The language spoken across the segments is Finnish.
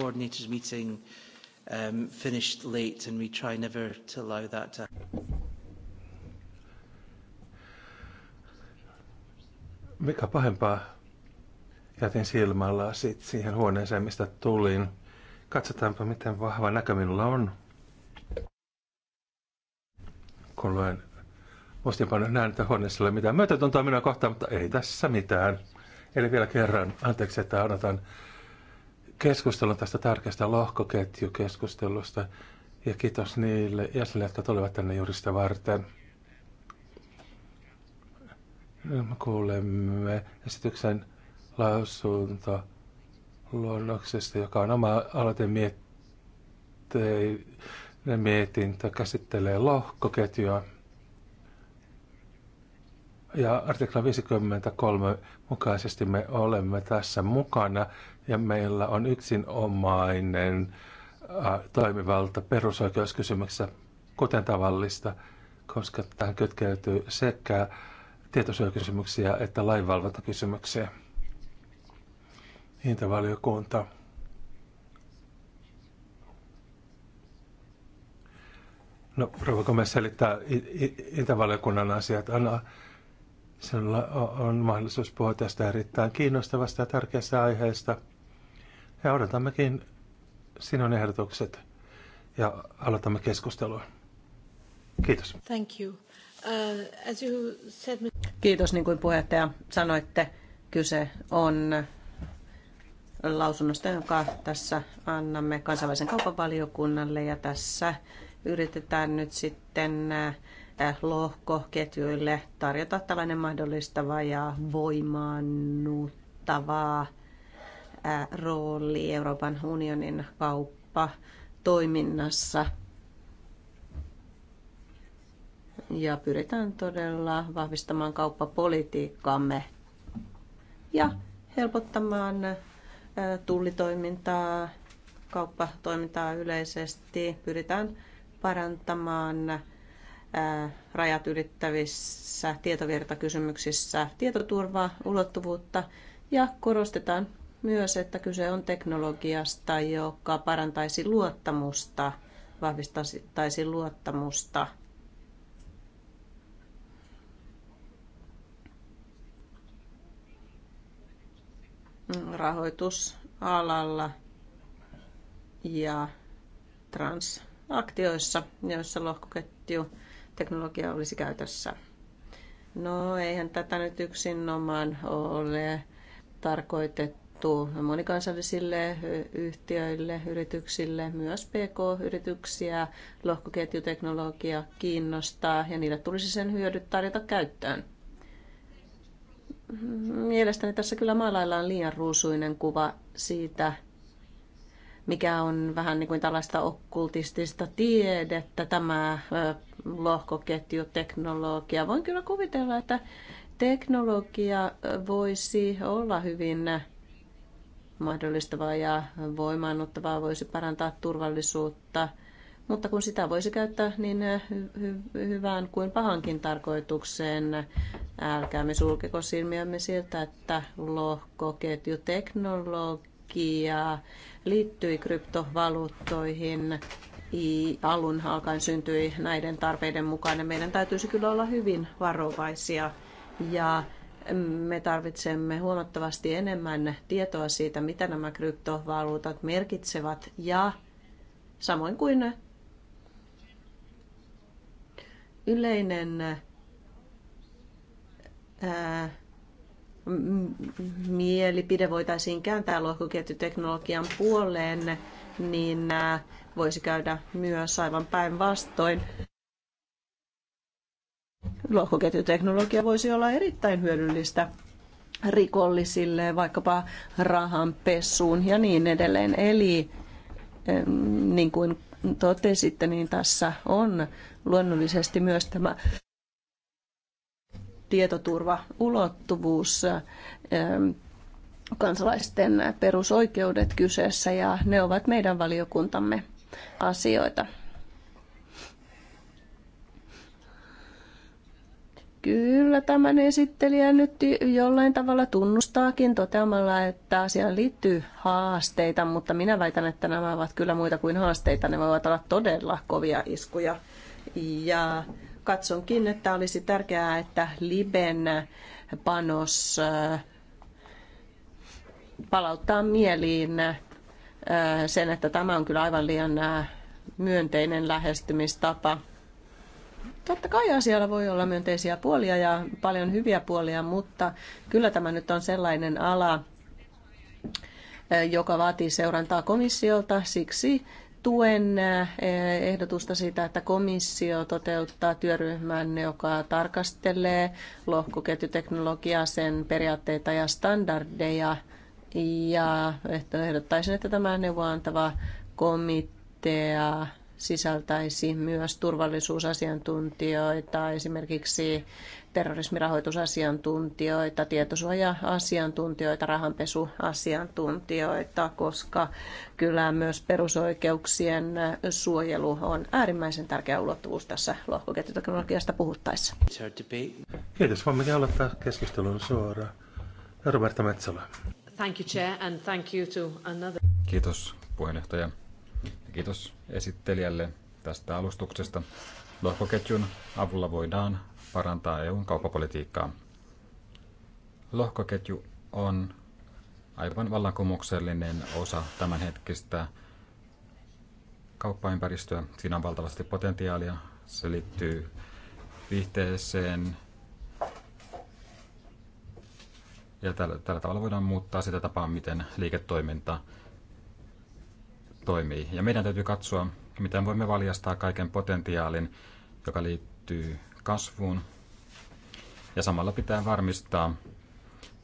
coordinators meeting um, finished late and we try never to allow that to Mikä pahempaa? Jätin silmällä sit siihen huoneeseen, mistä tulin. Katsotaanpa, miten vahva näkö minulla on. Kun luen muistinpanon näen, että huoneessa ei ole mitään myötätuntoa minua kohtaan, mutta ei tässä mitään. Eli vielä kerran, anteeksi, että odotan keskustelun tästä tärkeästä lohkoketjukeskustelusta ja kiitos niille jäsenille, jotka tulivat tänne juuri sitä varten. Me kuulemme esityksen lausunto luonnoksesta, joka on oma aloite mietintö, käsittelee lohkoketjua. Ja artikla 53 mukaisesti me olemme tässä mukana ja meillä on yksinomainen äh, toimivalta perusoikeuskysymyksessä, kuten tavallista, koska tähän kytkeytyy sekä tietosuojakysymyksiä että lainvalvontakysymyksiä. Hintavaliokunta. No, Rova Gomez selittää Itävaliokunnan asiat. Anna, sinulla on mahdollisuus puhua tästä erittäin kiinnostavasta ja tärkeästä aiheesta – ja odotammekin sinun ehdotukset ja aloitamme keskustelua. Kiitos. Thank you. Uh, as you said... Kiitos, niin kuin puheenjohtaja sanoitte, kyse on lausunnosta, jonka tässä annamme kansainvälisen kaupavaliokunnalle ja tässä yritetään nyt sitten äh, lohkoketjuille tarjota tällainen mahdollistava ja voimaannuttavaa rooli Euroopan unionin kauppa toiminnassa. Ja pyritään todella vahvistamaan kauppapolitiikkaamme ja helpottamaan tullitoimintaa, kauppatoimintaa yleisesti. Pyritään parantamaan rajat ylittävissä tietovirtakysymyksissä tietoturvaa, ulottuvuutta ja korostetaan myös, että kyse on teknologiasta, joka parantaisi luottamusta, vahvistaisi luottamusta. rahoitusalalla ja transaktioissa, joissa lohkoketju teknologia olisi käytössä. No eihän tätä nyt yksinomaan ole tarkoitettu tarjottu monikansallisille yhtiöille, yrityksille, myös PK-yrityksiä. Lohkoketjuteknologia kiinnostaa ja niille tulisi sen hyödyt tarjota käyttöön. Mielestäni tässä kyllä maalaillaan liian ruusuinen kuva siitä, mikä on vähän niin kuin tällaista okkultistista tiedettä, tämä lohkoketjuteknologia. Voin kyllä kuvitella, että teknologia voisi olla hyvin mahdollistavaa ja voimaannuttavaa voisi parantaa turvallisuutta, mutta kun sitä voisi käyttää niin hy- hyvään kuin pahankin tarkoitukseen, älkäämme sulkeko silmiämme siltä, että lohkoketjuteknologia liittyi kryptovaluuttoihin alun alkaen syntyi näiden tarpeiden mukaan. Ja meidän täytyisi kyllä olla hyvin varovaisia ja me tarvitsemme huomattavasti enemmän tietoa siitä, mitä nämä kryptovaluutat merkitsevät ja samoin kuin yleinen ää, mielipide voitaisiin kääntää lohkoketjuteknologian puoleen, niin voisi käydä myös aivan päinvastoin. Lohkoketjuteknologia voisi olla erittäin hyödyllistä rikollisille, vaikkapa rahanpesuun ja niin edelleen. Eli niin kuin totesitte, niin tässä on luonnollisesti myös tämä tietoturvaulottuvuus, kansalaisten perusoikeudet kyseessä ja ne ovat meidän valiokuntamme asioita. Kyllä tämän esittelijä nyt jollain tavalla tunnustaakin toteamalla, että asiaan liittyy haasteita, mutta minä väitän, että nämä ovat kyllä muita kuin haasteita. Ne voivat olla todella kovia iskuja. Ja katsonkin, että olisi tärkeää, että Liben panos äh, palauttaa mieliin äh, sen, että tämä on kyllä aivan liian äh, myönteinen lähestymistapa Totta kai asialla voi olla myönteisiä puolia ja paljon hyviä puolia, mutta kyllä tämä nyt on sellainen ala, joka vaatii seurantaa komissiolta. Siksi tuen ehdotusta siitä, että komissio toteuttaa työryhmän, joka tarkastelee lohkoketjuteknologiaa, sen periaatteita ja standardeja. Ja ehdottaisin, että tämä neuvoantava komitea sisältäisi myös turvallisuusasiantuntijoita, esimerkiksi terrorismirahoitusasiantuntijoita, tietosuoja-asiantuntijoita, rahanpesuasiantuntijoita, koska kyllä myös perusoikeuksien suojelu on äärimmäisen tärkeä ulottuvuus tässä lohkoketjuteknologiasta puhuttaessa. Kiitos. Voimme aloittaa keskustelun suoraan. Roberta Metsola. Thank you, Chair, and thank you to another... Kiitos puheenjohtaja Kiitos esittelijälle tästä alustuksesta. Lohkoketjun avulla voidaan parantaa EUn kauppapolitiikkaa. Lohkoketju on aivan vallankumouksellinen osa tämänhetkistä kauppaympäristöä. Siinä on valtavasti potentiaalia. Se liittyy viihteeseen. Ja tällä, tällä tavalla voidaan muuttaa sitä tapaa, miten liiketoiminta toimii. Ja meidän täytyy katsoa, miten voimme valjastaa kaiken potentiaalin, joka liittyy kasvuun. Ja samalla pitää varmistaa,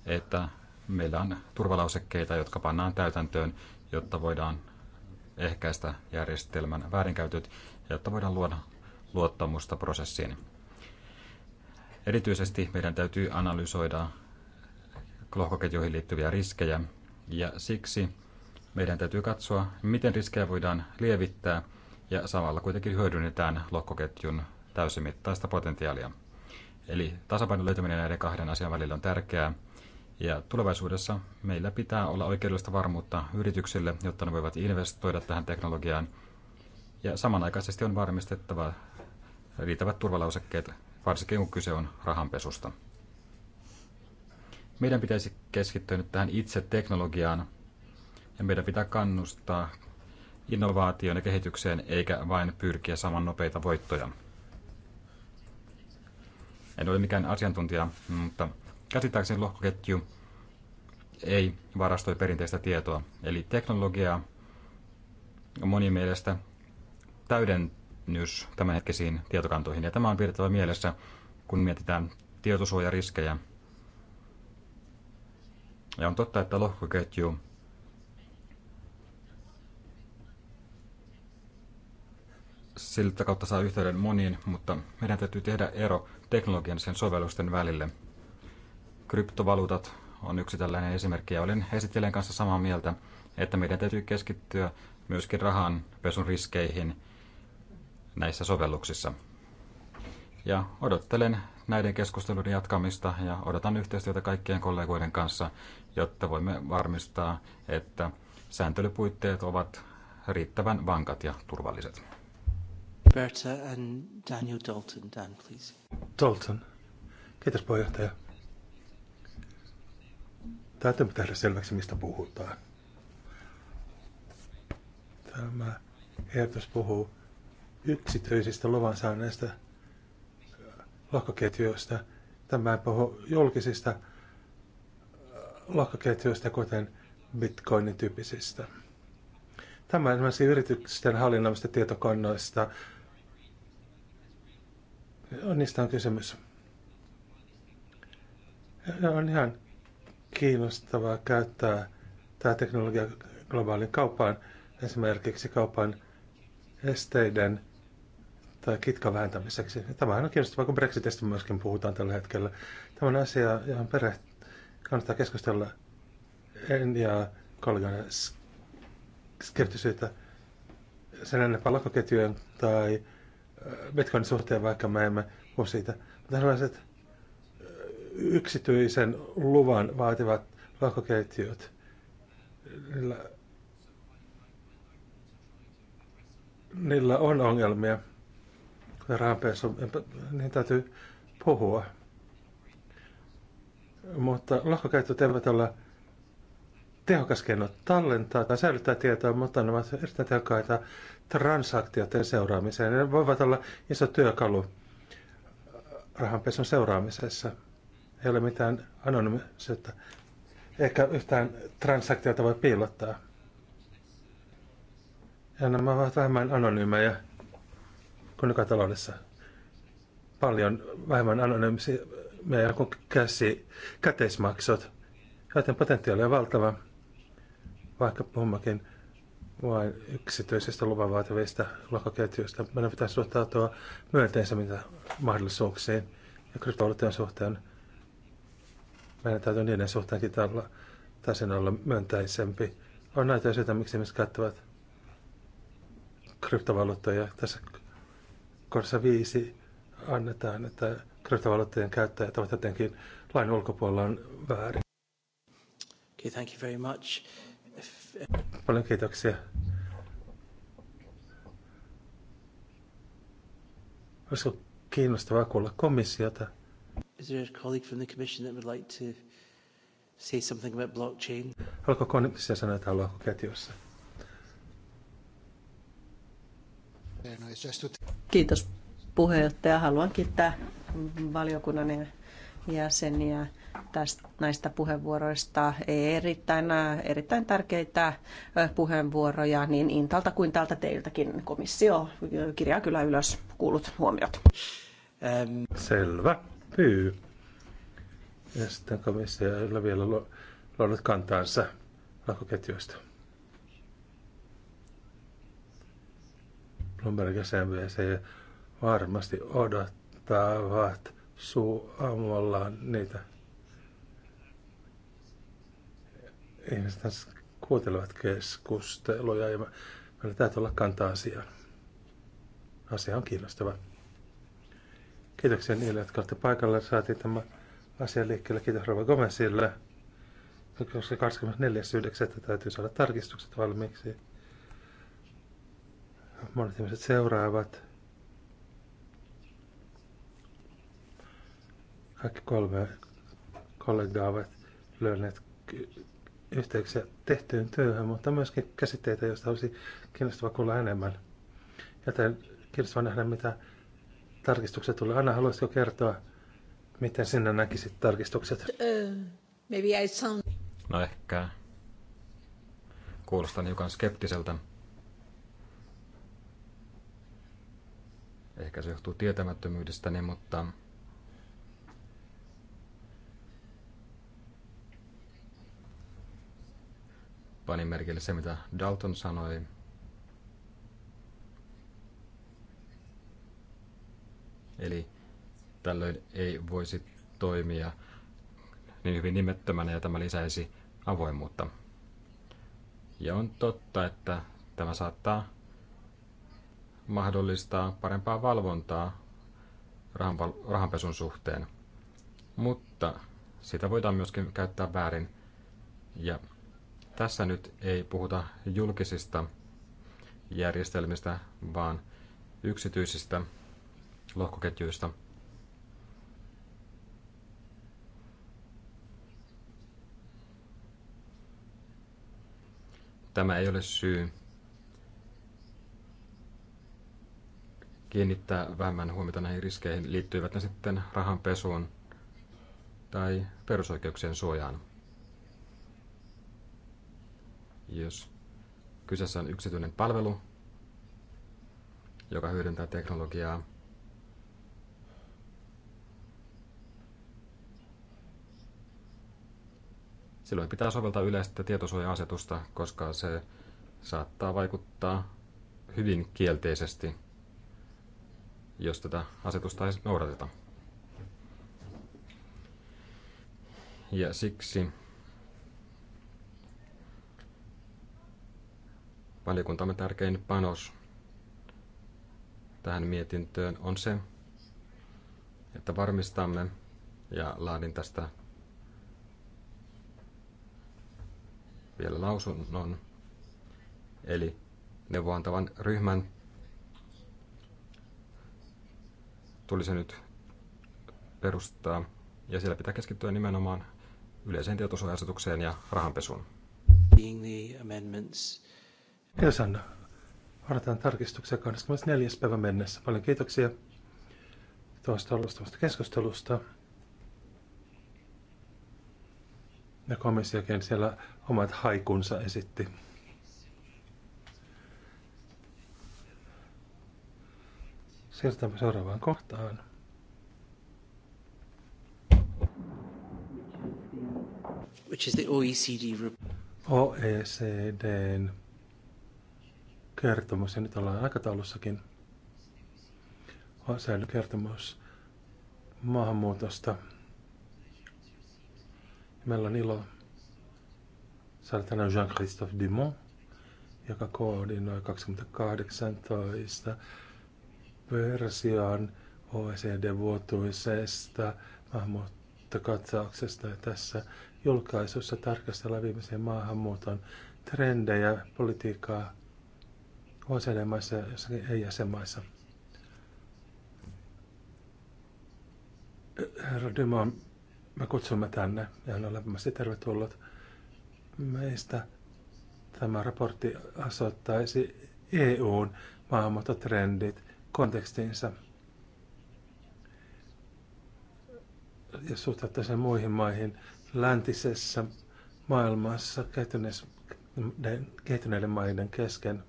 että meillä on turvalausekkeita, jotka pannaan täytäntöön, jotta voidaan ehkäistä järjestelmän väärinkäytöt ja jotta voidaan luoda luottamusta prosessiin. Erityisesti meidän täytyy analysoida lohkoketjuihin liittyviä riskejä ja siksi meidän täytyy katsoa, miten riskejä voidaan lievittää ja samalla kuitenkin hyödynnetään lohkoketjun täysimittaista potentiaalia. Eli tasapainon löytäminen näiden kahden asian välillä on tärkeää. Ja tulevaisuudessa meillä pitää olla oikeudellista varmuutta yrityksille, jotta ne voivat investoida tähän teknologiaan. Ja samanaikaisesti on varmistettava riittävät turvalausekkeet, varsinkin kun kyse on rahanpesusta. Meidän pitäisi keskittyä nyt tähän itse teknologiaan ja meidän pitää kannustaa innovaatioon ja kehitykseen eikä vain pyrkiä saman nopeita voittoja. En ole mikään asiantuntija, mutta käsittääkseni lohkoketju ei varastoi perinteistä tietoa. Eli teknologia on monin mielestä täydennys tämänhetkisiin tietokantoihin. Ja tämä on pidettävä mielessä, kun mietitään tietosuojariskejä. Ja on totta, että lohkoketju siltä kautta saa yhteyden moniin, mutta meidän täytyy tehdä ero teknologian sen sovellusten välille. Kryptovaluutat on yksi tällainen esimerkki ja olen esittelijän kanssa samaa mieltä, että meidän täytyy keskittyä myöskin pesun riskeihin näissä sovelluksissa. Ja odottelen näiden keskustelujen jatkamista ja odotan yhteistyötä kaikkien kollegoiden kanssa, jotta voimme varmistaa, että sääntelypuitteet ovat riittävän vankat ja turvalliset. Roberta and Daniel Dalton. Dan, please. Dalton. Kiitos puheenjohtaja. Täytyy tehdä selväksi, mistä puhutaan. Tämä ehdotus puhuu yksityisistä luvansaaneista lohkoketjuista. Tämä ei puhu julkisista äh, lohkoketjuista, kuten bitcoinin tyyppisistä. Tämä esimerkiksi yritysten hallinnoimista tietokannoista, niistä on kysymys. Ja on ihan kiinnostavaa käyttää tämä teknologia globaalin kauppaan, esimerkiksi kaupan esteiden tai kitkan vähentämiseksi. Tämä on kiinnostavaa, kun Brexitistä myöskin puhutaan tällä hetkellä. Tämä on asia, johon perhe kannattaa keskustella en ja kollegan skeptisyyttä sen ennen palkkaketjujen tai Bitcoinin suhteen, vaikka me emme puhu siitä. Mutta sellaiset yksityisen luvan vaativat lakoketjut, niillä, niillä on ongelmia, kuten rahanpesu, niin täytyy puhua. Mutta lakoketjut eivät ole tehokas keino tallentaa tai säilyttää tietoa, mutta ne ovat erittäin tehokkaita transaktioiden seuraamiseen. Ne voivat olla iso työkalu rahanpesun seuraamisessa. Ei ole mitään anonymisuutta. Ehkä yhtään transaktiota voi piilottaa. Ja nämä ovat vähemmän anonyymejä kuin nykytaloudessa. Paljon vähemmän anonyymisiä kuin käsi, käteismaksot, joten potentiaali on valtava vaikka puhummekin vain yksityisistä luvan lohkoketjuista. Meidän pitäisi suhtautua myönteisemmin mahdollisuuksiin ja kryptovaluuttien suhteen. Meidän täytyy niiden suhteenkin tällä taisin olla myönteisempi. On näitä syitä, miksi ihmiset käyttävät kryptovaluuttoja. Tässä korsa viisi annetaan, että kryptovaluuttojen käyttäjät ovat jotenkin lain ulkopuolella on väärin. Okay, thank you very much. Paljon kiitoksia. Olisiko kiinnostavaa kuulla komissiota? Is there a colleague from the commission that would like to say something about blockchain? Haluatko komissio sanoa, että haluaako ketjussa? Kiitos puheenjohtaja. Haluan kiittää valiokunnan jäseniä tästä, näistä puheenvuoroista. Erittäin, äh, erittäin tärkeitä äh, puheenvuoroja niin Intalta kuin täältä teiltäkin. Komissio äh, kirjaa kyllä ylös kuulut huomiot. Ähm. Selvä. Pyy. Ja sitten komissio vielä luonut kantaansa lakoketjuista. Bloomberg ja varmasti odottavat suu niitä ihmiset kuuntelevat keskusteluja ja meillä täytyy olla kantaa asiaan. Asia on kiinnostava. Kiitoksia niille, jotka olette paikalla. Saatiin tämä asia liikkeelle. Kiitos Rova Gomezille. 24.9. täytyy saada tarkistukset valmiiksi. Monet ihmiset seuraavat. Kaikki kolme kollegaa ovat löyneet yhteyksiä tehtyyn työhön, mutta myöskin käsitteitä, joista olisi kiinnostava kuulla enemmän. Joten kiinnostava nähdä, mitä tarkistukset tulee. Anna, haluaisitko kertoa, miten sinä näkisit tarkistukset? Uh, maybe I sound... No ehkä kuulostan hiukan skeptiseltä. Ehkä se johtuu tietämättömyydestäni, mutta panin merkille se, mitä Dalton sanoi. Eli tällöin ei voisi toimia niin hyvin nimettömänä ja tämä lisäisi avoimuutta. Ja on totta, että tämä saattaa mahdollistaa parempaa valvontaa rahanpesun suhteen. Mutta sitä voidaan myöskin käyttää väärin. Ja tässä nyt ei puhuta julkisista järjestelmistä, vaan yksityisistä lohkoketjuista. Tämä ei ole syy kiinnittää vähemmän huomiota näihin riskeihin, liittyivät ne sitten rahanpesuun tai perusoikeuksien suojaan jos kyseessä on yksityinen palvelu, joka hyödyntää teknologiaa, silloin pitää soveltaa yleistä tietosuoja-asetusta, koska se saattaa vaikuttaa hyvin kielteisesti, jos tätä asetusta ei noudateta. Ja siksi Valiokuntamme tärkein panos tähän mietintöön on se, että varmistamme ja laadin tästä vielä lausunnon, eli neuvoantavan ryhmän tulisi nyt perustaa, ja siellä pitää keskittyä nimenomaan yleiseen tietosuojasetukseen ja rahanpesuun. Kesän Anna. Odotan tarkistuksia 24. päivä mennessä. Paljon kiitoksia tuosta alustavasta keskustelusta. Ja komissiokin siellä omat haikunsa esitti. Siirrytään seuraavaan kohtaan. Which is the OECD. OECDn kertomus, ja nyt ollaan aikataulussakin. Säilyy kertomus maahanmuutosta. Meillä on ilo saada tänään Jean-Christophe Dumont, joka koordinoi 2018 version OECD-vuotuisesta maahanmuuttokatsauksesta. Ja tässä julkaisussa tarkastellaan viimeisen maahanmuuton trendejä, politiikkaa OECD-maissa ja jossakin ei-jäsenmaissa. Herra Dyma, me kutsumme tänne ja hän on lämpimästi tervetullut. Meistä tämä raportti asoittaisi EUn maahanmuuttotrendit kontekstinsa ja suhtauttaisiin muihin maihin läntisessä maailmassa kehittyneiden maiden kesken –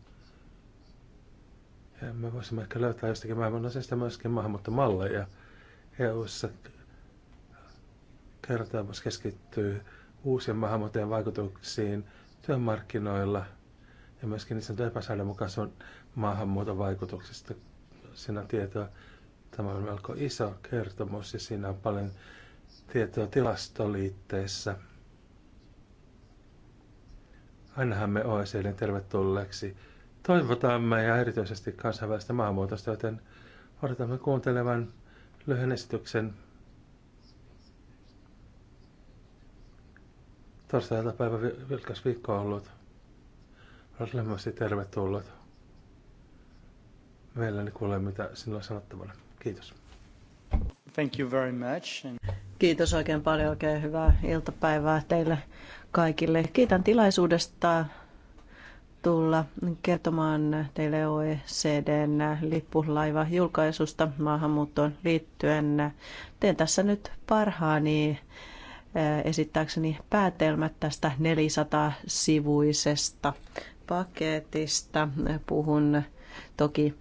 ja me voisimme ehkä löytää jostakin maailmanosasta myöskin maahanmuuttomalleja. EU-ssa kertomus keskittyy uusien maahanmuuttajien vaikutuksiin työmarkkinoilla ja myöskin niin sanotun epäsäännönmukaisen maahanmuuton vaikutuksista. Siinä on tietoa. Tämä on melko iso kertomus ja siinä on paljon tietoa tilastoliitteissä. Ainahan me OECDn tervetulleeksi toivotamme ja erityisesti kansainvälistä maahanmuutosta, joten odotamme kuuntelevan lyhyen esityksen torstailta päivä vilkas viikko on ollut. Olet lämpimästi tervetullut. Mielelläni kuulee, mitä sinulla on sanottavana. Kiitos. Thank you very much. Kiitos oikein paljon. Oikein hyvää iltapäivää teille kaikille. Kiitän tilaisuudesta tulla kertomaan teille OECDn lippulaiva julkaisusta maahanmuuttoon liittyen. Teen tässä nyt parhaani eh, esittääkseni päätelmät tästä 400-sivuisesta paketista. Puhun toki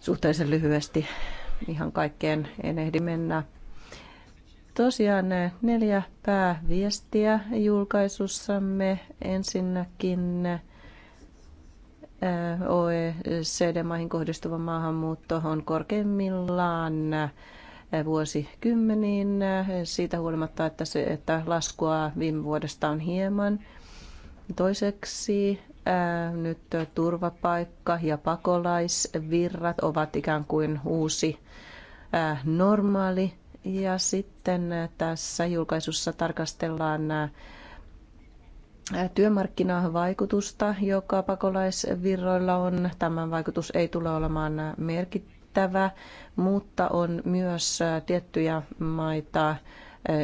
suhteellisen lyhyesti ihan kaikkeen en ehdi mennä. Tosiaan eh, neljä pääviestiä julkaisussamme. Ensinnäkin eh, OECD-maihin kohdistuva maahanmuutto on korkeimmillaan vuosikymmeniin siitä huolimatta, että, se, että laskua viime vuodesta on hieman. Toiseksi nyt turvapaikka- ja pakolaisvirrat ovat ikään kuin uusi normaali. Ja sitten tässä julkaisussa tarkastellaan vaikutusta, joka pakolaisvirroilla on. Tämän vaikutus ei tule olemaan merkittävä, mutta on myös tiettyjä maita,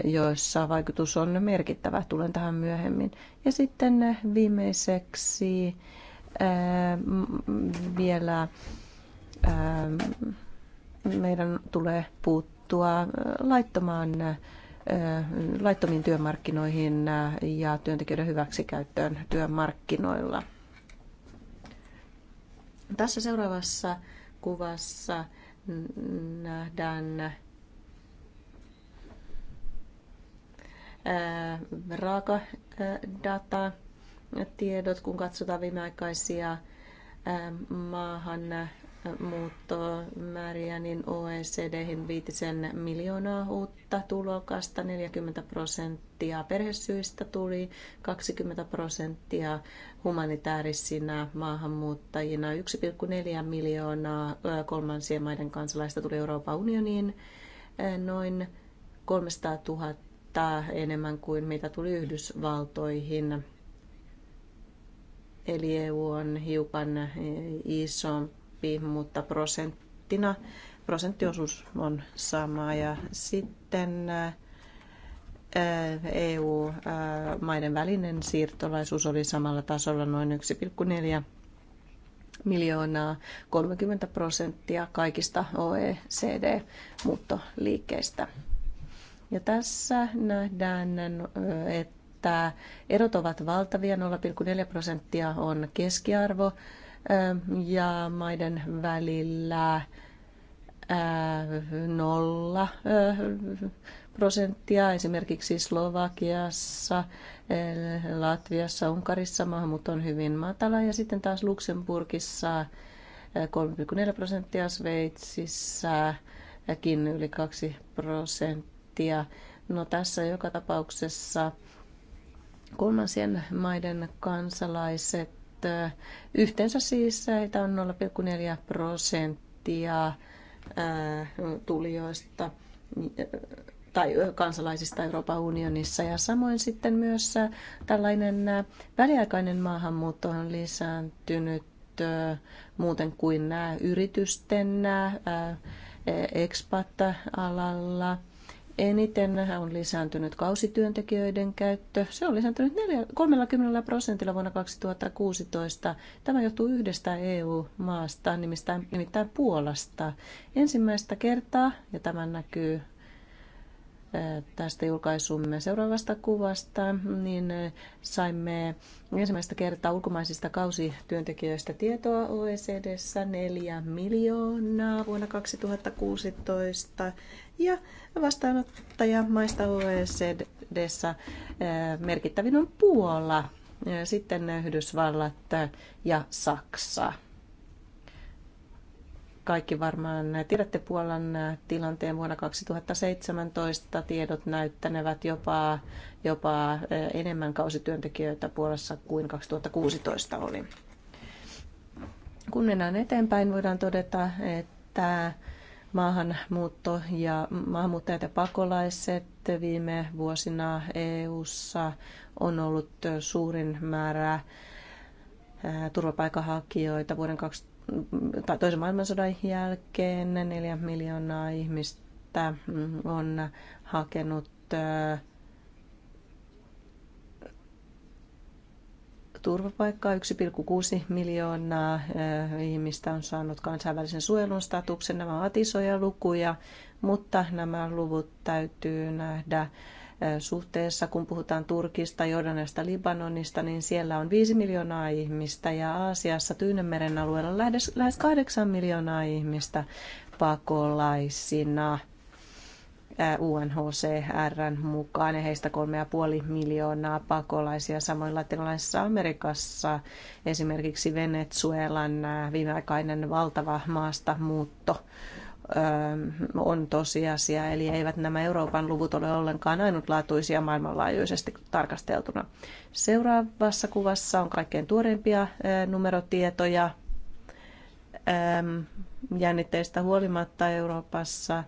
joissa vaikutus on merkittävä. Tulen tähän myöhemmin. Ja sitten viimeiseksi vielä meidän tulee puuttua laittomaan laittomiin työmarkkinoihin ja työntekijöiden hyväksikäyttöön työmarkkinoilla. Tässä seuraavassa kuvassa nähdään raaka data tiedot, kun katsotaan viimeaikaisia maahan muuttomääriä, niin OECDhin viitisen miljoonaa uutta tulokasta, 40 prosenttia perhesyistä tuli, 20 prosenttia humanitaarisina maahanmuuttajina, 1,4 miljoonaa kolmansien maiden kansalaista tuli Euroopan unioniin, noin 300 000 enemmän kuin mitä tuli Yhdysvaltoihin. Eli EU on hiukan isompi pienempi, mutta prosenttina prosenttiosuus on sama. Ja sitten äh, EU-maiden äh, välinen siirtolaisuus oli samalla tasolla noin 1,4 miljoonaa, 30 prosenttia kaikista OECD-muuttoliikkeistä. Ja tässä nähdään, äh, että erot ovat valtavia. 0,4 prosenttia on keskiarvo ja maiden välillä nolla prosenttia esimerkiksi Slovakiassa, Latviassa, Unkarissa maahanmuutto on hyvin matala ja sitten taas Luxemburgissa 3,4 prosenttia, Sveitsissäkin yli 2 prosenttia. No tässä joka tapauksessa kolmansien maiden kansalaiset Yhteensä siis eh, heitä on 0,4 prosenttia eh, tulijoista eh, tai kansalaisista Euroopan unionissa. Ja samoin sitten myös tällainen väliaikainen maahanmuutto on lisääntynyt muuten kuin yritysten expat-alalla. Eniten on lisääntynyt kausityöntekijöiden käyttö. Se on lisääntynyt 30 prosentilla vuonna 2016. Tämä johtuu yhdestä EU-maasta, nimittäin, nimittäin Puolasta. Ensimmäistä kertaa, ja tämä näkyy tästä julkaisumme seuraavasta kuvasta, niin saimme ensimmäistä kertaa ulkomaisista kausityöntekijöistä tietoa OECDssä 4 miljoonaa vuonna 2016 ja vastaanottajamaista OECDssä eh, merkittävin on Puola, eh, sitten Yhdysvallat ja Saksa. Kaikki varmaan tiedätte Puolan tilanteen vuonna 2017. Tiedot näyttänevät jopa, jopa enemmän kausityöntekijöitä Puolassa kuin 2016 oli. Kun mennään eteenpäin, voidaan todeta, että maahanmuutto ja maahanmuuttajat ja pakolaiset viime vuosina EU:ssa on ollut suurin määrä turvapaikanhakijoita vuoden 2000 tai toisen maailmansodan jälkeen neljä miljoonaa ihmistä on hakenut turvapaikkaa. 1,6 miljoonaa ihmistä on saanut kansainvälisen suojelun statuksen. Nämä ovat isoja lukuja, mutta nämä luvut täytyy nähdä suhteessa, kun puhutaan Turkista, Jordanista, Libanonista, niin siellä on 5 miljoonaa ihmistä ja Aasiassa Tyynemeren alueella lähes 8 miljoonaa ihmistä pakolaisina. UNHCRn mukaan ja heistä 3,5 miljoonaa pakolaisia. Samoin latinalaisessa Amerikassa esimerkiksi Venezuelan viimeaikainen valtava maastamuutto Ähm, on tosiasia, eli eivät nämä Euroopan luvut ole ollenkaan ainutlaatuisia maailmanlaajuisesti tarkasteltuna. Seuraavassa kuvassa on kaikkein tuoreimpia äh, numerotietoja. Ähm, jännitteistä huolimatta Euroopassa äh,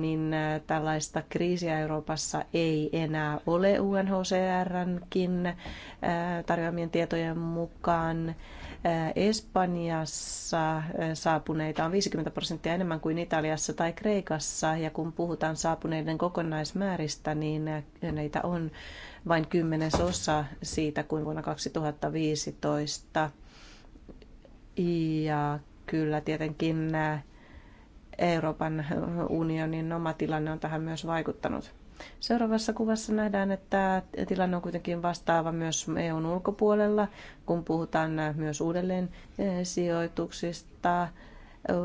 niin äh, tällaista kriisiä Euroopassa ei enää ole UNHCRnkin tarjoamien tietojen mukaan. Äh, Espanjassa äh, saapuneita on 50 prosenttia enemmän kuin Italiassa tai Kreikassa, ja kun puhutaan saapuneiden kokonaismääristä, niin äh, näitä on vain kymmenesosa siitä kuin vuonna 2015. Ja kyllä tietenkin Euroopan unionin oma tilanne on tähän myös vaikuttanut. Seuraavassa kuvassa nähdään, että tilanne on kuitenkin vastaava myös EUn ulkopuolella, kun puhutaan myös uudelleen eh, sijoituksista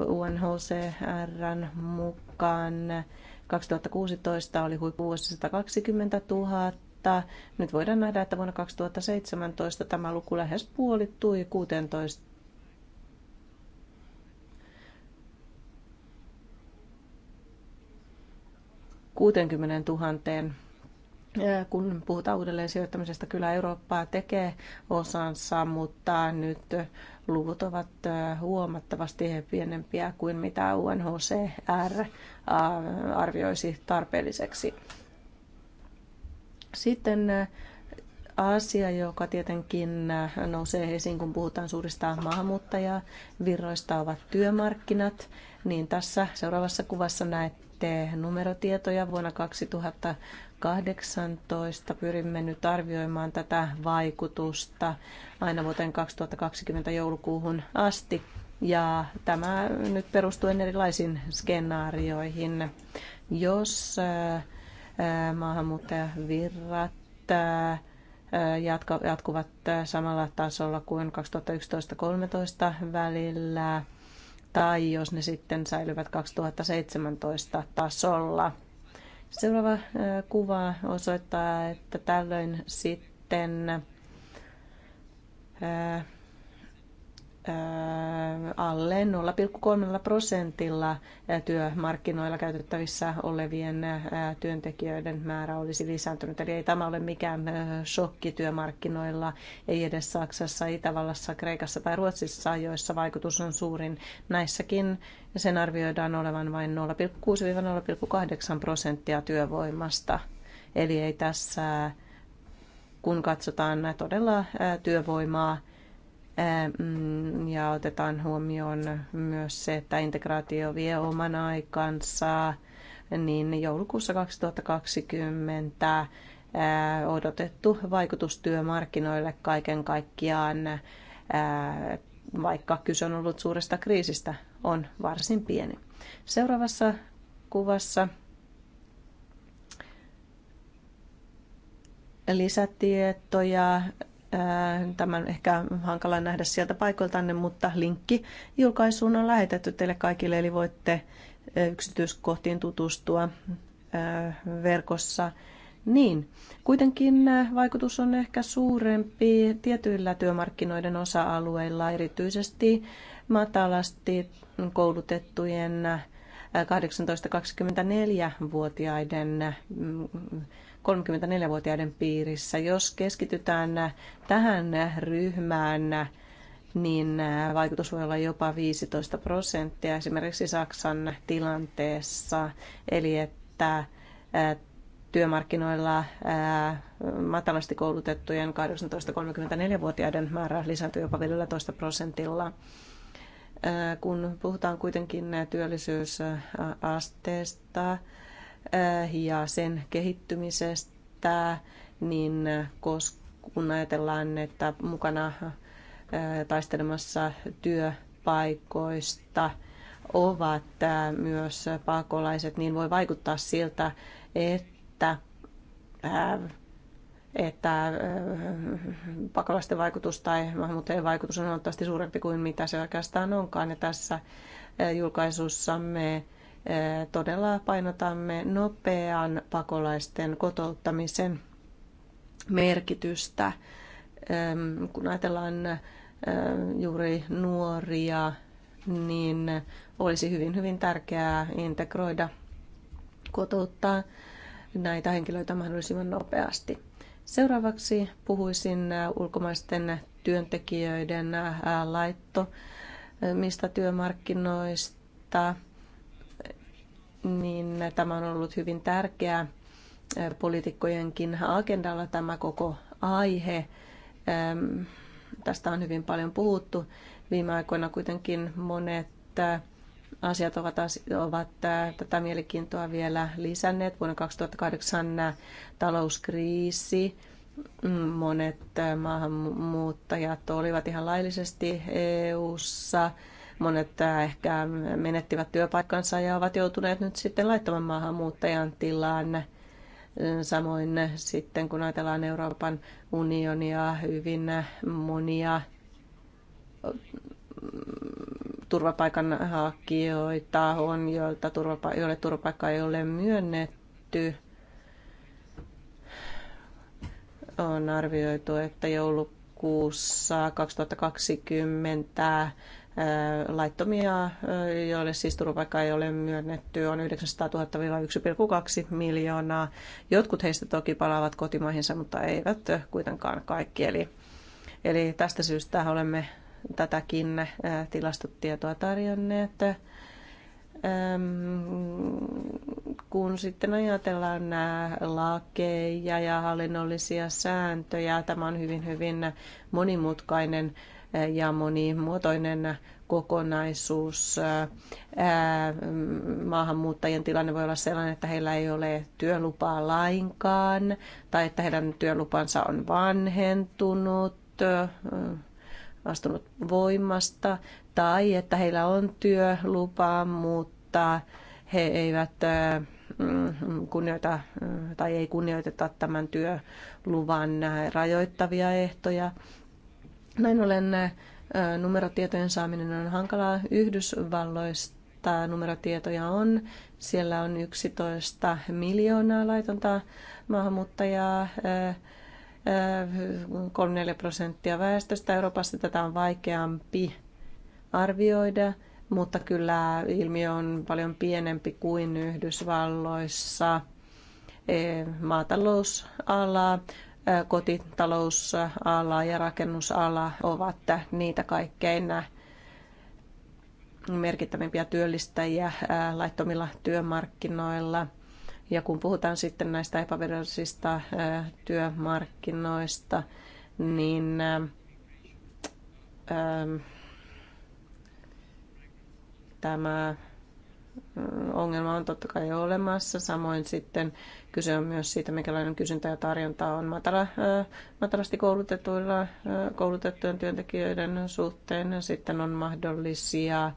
UNHCRn mukaan. 2016 oli huippuvuosi 120 000. Nyt voidaan nähdä, että vuonna 2017 tämä luku lähes puolittui 16 60 000 eh, kun puhutaan uudelleen sijoittamisesta, kyllä Eurooppaa tekee osansa, mutta nyt luvut ovat eh, huomattavasti pienempiä kuin mitä UNHCR eh, arvioisi tarpeelliseksi. Sitten asia, joka tietenkin nousee esiin, kun puhutaan suurista maahanmuuttajavirroista, ovat työmarkkinat. Niin tässä seuraavassa kuvassa näette, IT-numerotietoja vuonna 2018. Pyrimme nyt arvioimaan tätä vaikutusta aina vuoteen 2020 joulukuuhun asti. Ja tämä nyt perustuu erilaisiin skenaarioihin. Jos äh, maahanmuuttajavirrat äh, jatkuvat samalla tasolla kuin 2011-2013 välillä, tai jos ne sitten säilyvät 2017 tasolla. Seuraava kuva osoittaa, että tällöin sitten Äh, alle 0,3 prosentilla äh, työmarkkinoilla käytettävissä olevien äh, työntekijöiden määrä olisi lisääntynyt. Eli ei tämä ole mikään shokki työmarkkinoilla, ei edes Saksassa, Itävallassa, Kreikassa tai Ruotsissa, joissa vaikutus on suurin. Näissäkin sen arvioidaan olevan vain 0,6-0,8 prosenttia työvoimasta. Eli ei tässä, kun katsotaan todella työvoimaa, Mm, ja otetaan huomioon myös se, että integraatio vie oman aikansa, niin joulukuussa 2020 odotettu vaikutus työmarkkinoille kaiken kaikkiaan, vaikka kyse on ollut suuresta kriisistä, on varsin pieni. Seuraavassa kuvassa lisätietoja Äh, tämän ehkä hankala nähdä sieltä paikoiltanne, mutta linkki julkaisuun on lähetetty teille kaikille, eli voitte äh, yksityiskohtiin tutustua äh, verkossa. Niin, kuitenkin vaikutus on ehkä suurempi tietyillä työmarkkinoiden osa-alueilla, erityisesti matalasti koulutettujen 18-24-vuotiaiden 34-vuotiaiden piirissä. Jos keskitytään tähän ryhmään, niin vaikutus voi olla jopa 15 prosenttia esimerkiksi Saksan tilanteessa. Eli että työmarkkinoilla matalasti koulutettujen 18-34-vuotiaiden määrä lisääntyy jopa 15 prosentilla. Kun puhutaan kuitenkin työllisyysasteesta, Äh, ja sen kehittymisestä, niin kun ajatellaan, että mukana äh, taistelemassa työpaikoista ovat äh, myös pakolaiset, niin voi vaikuttaa siltä, että että pakolaisten vaikutus tai maahanmuuttajien vaikutus on huomattavasti suurempi kuin mitä se oikeastaan onkaan. Ja tässä julkaisussamme todella painotamme nopean pakolaisten kotouttamisen merkitystä. Kun ajatellaan juuri nuoria, niin olisi hyvin, hyvin tärkeää integroida, kotouttaa näitä henkilöitä mahdollisimman nopeasti. Seuraavaksi puhuisin ulkomaisten työntekijöiden laitto, mistä työmarkkinoista – niin tämä on ollut hyvin tärkeää poliitikkojenkin agendalla tämä koko aihe. Tästä on hyvin paljon puhuttu. Viime aikoina kuitenkin monet asiat ovat, ovat tätä mielenkiintoa vielä lisänneet. Vuonna 2008 talouskriisi, mm, monet maahanmuuttajat olivat ihan laillisesti EU-ssa Monet äh, ehkä menettivät työpaikkansa ja ovat joutuneet nyt sitten laittoman maahanmuuttajan tilaan. Samoin sitten kun ajatellaan Euroopan unionia, hyvin monia mm, turvapaikanhakijoita on, joilta turvapa- joille turvapaikka ei ole myönnetty. On arvioitu, että joulukuussa 2020 laittomia, joille siis turvapaikka ei ole myönnetty, on 900 000-1,2 miljoonaa. Jotkut heistä toki palaavat kotimaihinsa, mutta eivät kuitenkaan kaikki. Eli, eli tästä syystä olemme tätäkin tilastotietoa tarjonneet. Kun sitten ajatellaan nämä lakeja ja hallinnollisia sääntöjä, tämä on hyvin, hyvin monimutkainen ja monimuotoinen kokonaisuus. Maahanmuuttajien tilanne voi olla sellainen, että heillä ei ole työlupaa lainkaan tai että heidän työlupansa on vanhentunut, astunut voimasta tai että heillä on työlupa, mutta he eivät mm, kunnioita tai ei kunnioiteta tämän työluvan rajoittavia ehtoja näin ollen numerotietojen saaminen on hankalaa Yhdysvalloista. Numerotietoja on. Siellä on 11 miljoonaa laitonta maahanmuuttajaa. 3-4 prosenttia väestöstä Euroopassa. Tätä on vaikeampi arvioida, mutta kyllä ilmiö on paljon pienempi kuin Yhdysvalloissa. E, maatalousala kotitalousala ja rakennusala ovat niitä kaikkein merkittävimpiä työllistäjiä laittomilla työmarkkinoilla. Ja kun puhutaan sitten näistä epävirallisista työmarkkinoista, niin tämä ongelma on totta kai olemassa. Samoin sitten kyse on myös siitä, minkälainen kysyntä ja tarjonta on matala, matalasti koulutetuilla, koulutettujen työntekijöiden suhteen. Sitten on mahdollisia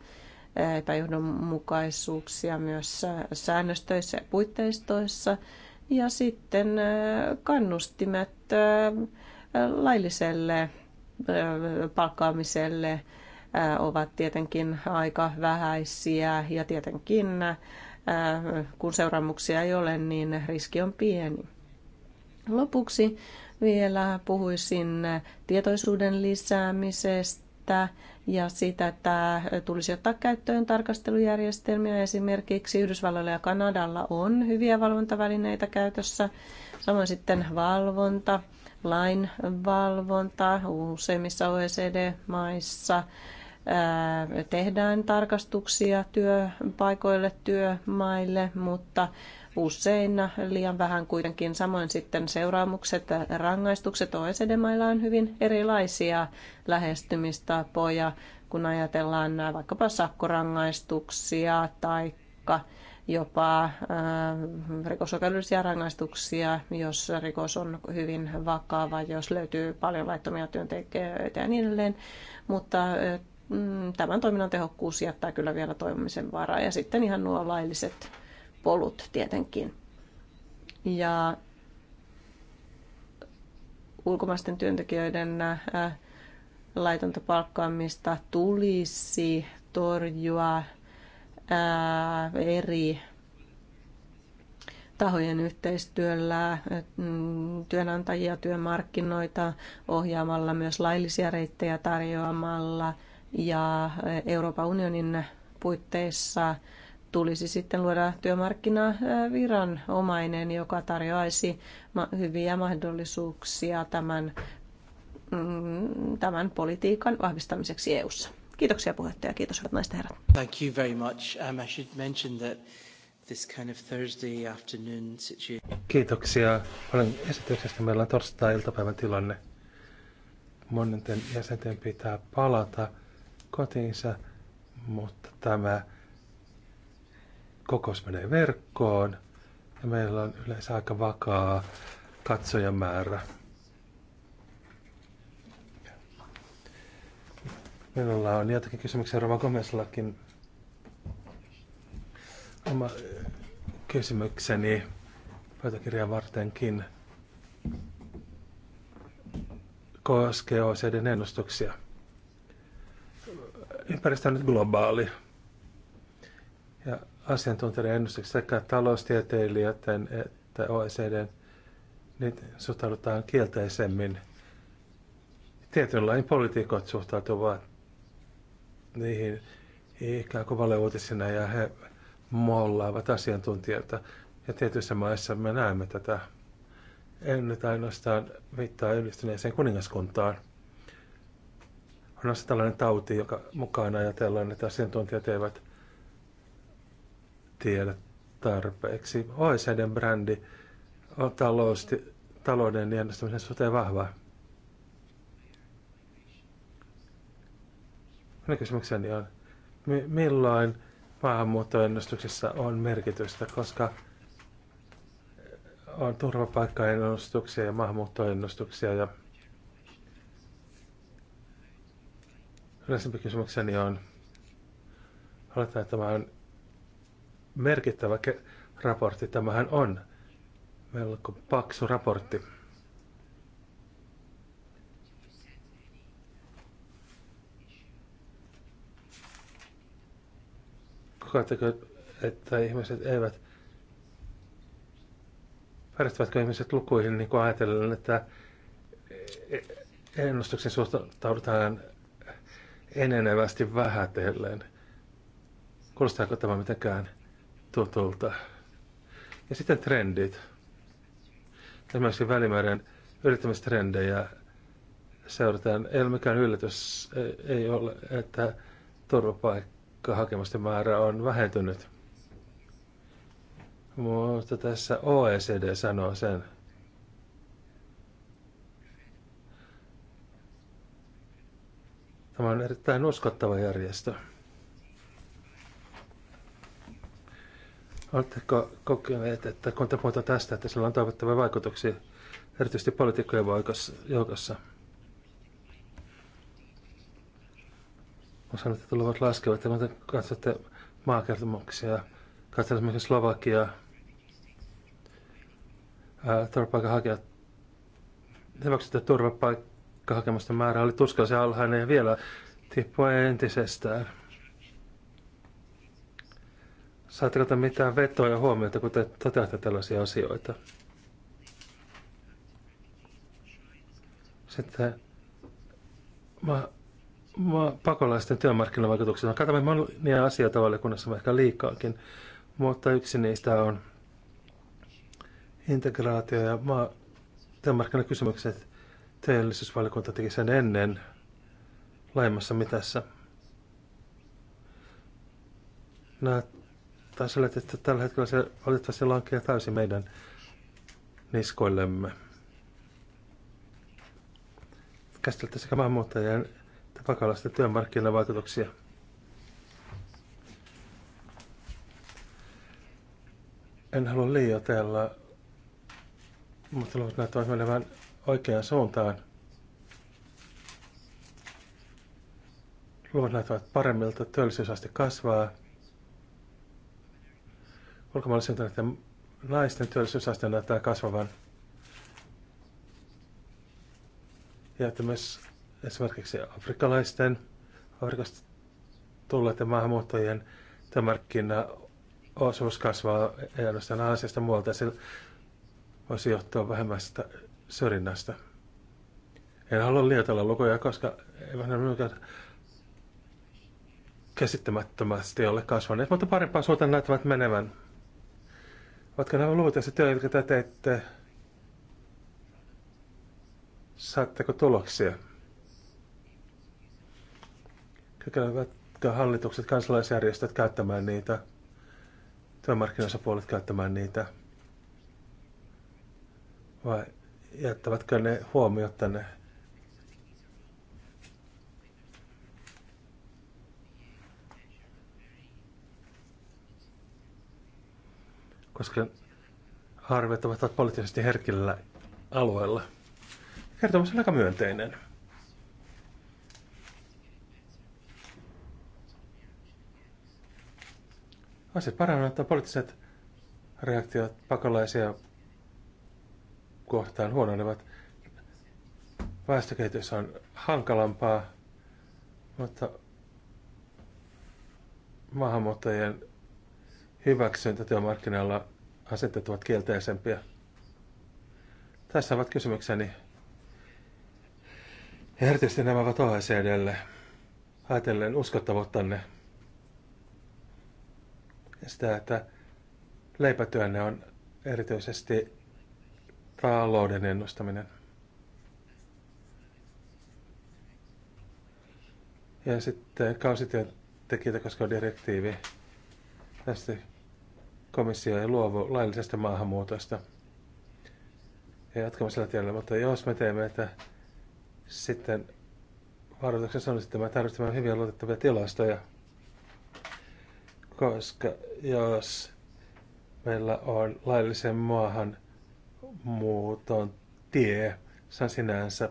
epäjohdonmukaisuuksia myös säännöstöissä ja puitteistoissa. Ja sitten kannustimet lailliselle palkkaamiselle Äh, ovat tietenkin aika vähäisiä ja tietenkin äh, kun seuraamuksia ei ole, niin riski on pieni. Lopuksi vielä puhuisin tietoisuuden lisäämisestä ja siitä, että tulisi ottaa käyttöön tarkastelujärjestelmiä. Esimerkiksi Yhdysvalloilla ja Kanadalla on hyviä valvontavälineitä käytössä. Samoin sitten valvonta, lainvalvonta useimmissa OECD-maissa tehdään tarkastuksia työpaikoille, työmaille, mutta usein liian vähän kuitenkin. Samoin sitten seuraamukset, rangaistukset OECD-mailla on hyvin erilaisia lähestymistapoja, kun ajatellaan vaikkapa sakkorangaistuksia tai jopa rikosoikeudellisia rangaistuksia, jos rikos on hyvin vakava, jos löytyy paljon laittomia työntekijöitä ja niin edelleen. Mutta Mm, tämän toiminnan tehokkuus jättää kyllä vielä toimimisen varaa. Ja sitten ihan nuo lailliset polut tietenkin. Ja ulkomaisten työntekijöiden äh, laitonta palkkaamista tulisi torjua äh, eri tahojen yhteistyöllä, äh, mm, työnantajia, työmarkkinoita ohjaamalla, myös laillisia reittejä tarjoamalla – ja eh, Euroopan unionin puitteissa tulisi sitten luoda työmarkkinaviranomainen, joka tarjoaisi hyviä mahdollisuuksia tämän, mm, tämän politiikan vahvistamiseksi EU:ssa. Kiitoksia puheenjohtaja, kiitos hyvät naiset herrat. Thank you very much. Um, I should mention that this kind of Thursday afternoon situation. Kiitoksia paljon esityksestä. Meillä on torstai-iltapäivän tilanne. Monenten jäsenten pitää palata kotiinsa, mutta tämä kokous menee verkkoon ja meillä on yleensä aika vakaa katsojamäärä. Minulla on jotakin kysymyksiä Rova Gomeslakin. Oma kysymykseni pöytäkirjan vartenkin koskee OECDn ennustuksia ympäristö on nyt globaali. Ja asiantuntijoiden ennustukset sekä taloustieteilijöiden että OECD niin suhtaudutaan kielteisemmin. Tietynlainen poliitikot suhtautuvat niihin ikään kuin valeuutisina ja he mollaavat asiantuntijoita. Ja tietyissä maissa me näemme tätä. En nyt ainoastaan viittaa yhdistyneeseen kuningaskuntaan – on se tällainen tauti, joka mukaan ajatellaan, että asiantuntijat eivät tiedä tarpeeksi. OECDn brändi on talous, talouden jännästämisen suhteen vahva. Minun kysymykseni on, milloin maahanmuuttoennustuksessa on merkitystä, koska on turvapaikkaennustuksia ja maahanmuuttoennustuksia ja Yleisempi kysymykseni on, oletan, että tämä on merkittävä raportti. Tämähän on melko paksu raportti. Kokoatteko, että ihmiset eivät Pärjestävätkö ihmiset lukuihin niin kuin ajatellen, että e- e- ennustuksen suhtaudutaan enenevästi vähätellen. Kuulostaako tämä mitenkään tutulta? Ja sitten trendit. Esimerkiksi Välimeren yrittämistrendejä seurataan. Ei ole mikään yllätys, ei ole, että turvapaikkahakemusten määrä on vähentynyt. Mutta tässä OECD sanoo sen. Tämä on erittäin uskottava järjestö. Oletteko kokeneet, että kun te puhutaan tästä, että sillä on toivottavia vaikutuksia, erityisesti poliitikkojen joukossa? Mä sanoin, että tulevat laskevat, että kun katsotte maakertomuksia, katsotte esimerkiksi Slovakiaa, turvapaikanhakijat, hyväksytty turvapaikkaa, turvapaikkahakemusten määrä oli tuskaisen alhainen ja vielä tippui entisestään. Saatteko mitään vetoa ja huomiota, kun te toteatte tällaisia asioita? Sitten mä, mä pakolaisten työmarkkinavaikutuksena. No, Katsomme monia asioita valiokunnassa ehkä liikaakin, mutta yksi niistä on integraatio ja maa, työmarkkinakysymykset teollisuusvaliokunta teki sen ennen laajemmassa mitassa. Näyttää sille, että tällä hetkellä se valitettavasti lankee täysin meidän niskoillemme. Käsiteltä sekä maahanmuuttajien että pakolaisten työmarkkinavaikutuksia. En halua liioitella, mutta luvut näyttävät menevän oikeaan suuntaan. Luvut näyttävät paremmilta, työllisyysaste kasvaa. Ulkomaalaisen naisten työllisyysaste näyttää kasvavan. Ja että myös esimerkiksi afrikkalaisten, Afrikasta tulleiden maahanmuuttajien osuus kasvaa ei ainoastaan Aasiasta muualta. Se voisi johtua vähemmästä sörinnästä. En halua lietellä lukuja, koska eivät ne myöskään käsittämättömästi ole kasvaneet, mutta parempaa suuntaan näyttävät menevän. Ovatko nämä luvut ja se työ, jotka te teette, saatteko tuloksia? Kykenevätkö hallitukset, kansalaisjärjestöt käyttämään niitä, puolet käyttämään niitä? Vai jättävätkö ne huomiot tänne? Koska harvet ovat poliittisesti herkillä alueella. Kertomus on aika myönteinen. Asiat että poliittiset reaktiot pakolaisia kohtaan huononevat. Väestökehitys on hankalampaa, mutta maahanmuuttajien hyväksyntä työmarkkinoilla asetet ovat kielteisempiä. Tässä ovat kysymykseni. Ja erityisesti nämä ovat OECDlle. Ajatellen uskottavuuttanne ja sitä, että leipätyönne on erityisesti Talouden ennustaminen. Ja sitten kausityöntekijöitä koskeva direktiivi. Tästä komissio ei luovu laillisesta maahanmuutosta. Ja jatkamme sillä tiellä, mutta jos me teemme, että sitten varoituksen sanoisin, että me tarvitsemme hyviä luotettavia tilastoja. Koska jos meillä on laillisen maahan muuton tie on sinänsä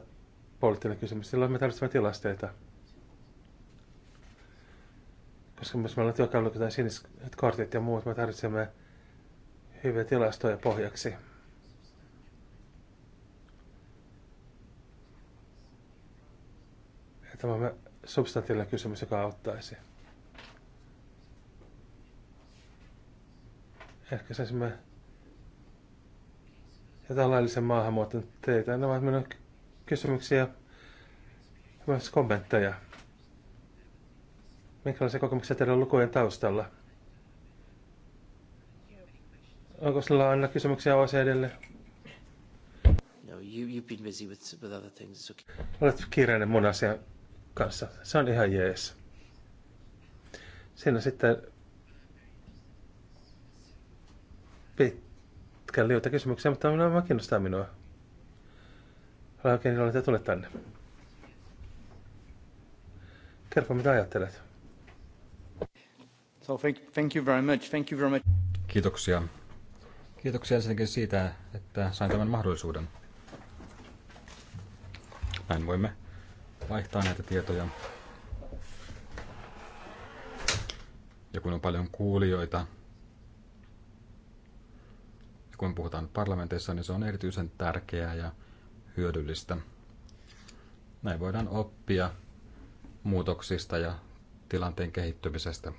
poliittinen kysymys. Silloin me tarvitsemme tilasteita. Koska myös meillä on työkalu, kuten siniset kortit ja muut, me tarvitsemme hyviä tilastoja pohjaksi. Ja tämä on substantiivinen kysymys, joka auttaisi. Ehkä saisimme tätä laillisen maahanmuuton teitä. Nämä ovat minun kysymyksiä myös kommentteja. Minkälaisia kokemuksia teillä on lukujen taustalla? Onko sinulla Anna kysymyksiä OECDlle? No, you, you've been busy with, with other things. It's okay. Olet kiireinen mun asian kanssa. Se on ihan jees. Siinä sitten pit, pitkälle liuta kysymyksiä, mutta nämä kiinnostaa minua. Olen oikein iloinen, että tulet tänne. Kerro, mitä ajattelet. So thank, thank you very much. Thank you very much. Kiitoksia. Kiitoksia ensinnäkin siitä, että sain tämän mahdollisuuden. Näin voimme vaihtaa näitä tietoja. Ja kun on paljon kuulijoita, ja kun puhutaan parlamenteissa, niin se on erityisen tärkeää ja hyödyllistä. Näin voidaan oppia muutoksista ja tilanteen kehittymisestä.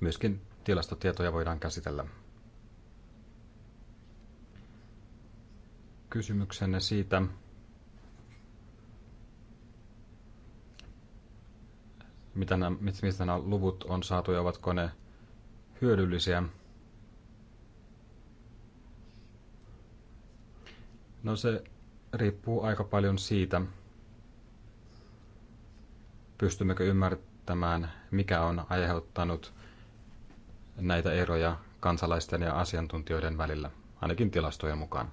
Myöskin tilastotietoja voidaan käsitellä. Kysymyksenne siitä, mitä nämä, mistä nämä luvut on saatu ja ovatko ne hyödyllisiä – No se riippuu aika paljon siitä, pystymmekö ymmärtämään, mikä on aiheuttanut näitä eroja kansalaisten ja asiantuntijoiden välillä, ainakin tilastojen mukaan.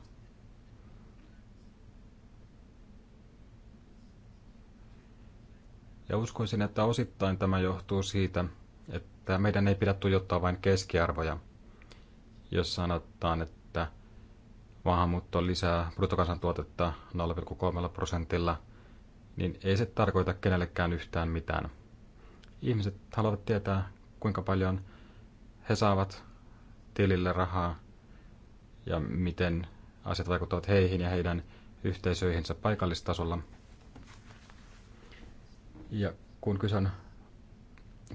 Ja uskoisin, että osittain tämä johtuu siitä, että meidän ei pidä tuijottaa vain keskiarvoja, jos sanotaan, että maahanmuutto lisää bruttokansantuotetta 0,3 prosentilla, niin ei se tarkoita kenellekään yhtään mitään. Ihmiset haluavat tietää, kuinka paljon he saavat tilille rahaa ja miten asiat vaikuttavat heihin ja heidän yhteisöihinsä paikallistasolla. Ja kun kyse on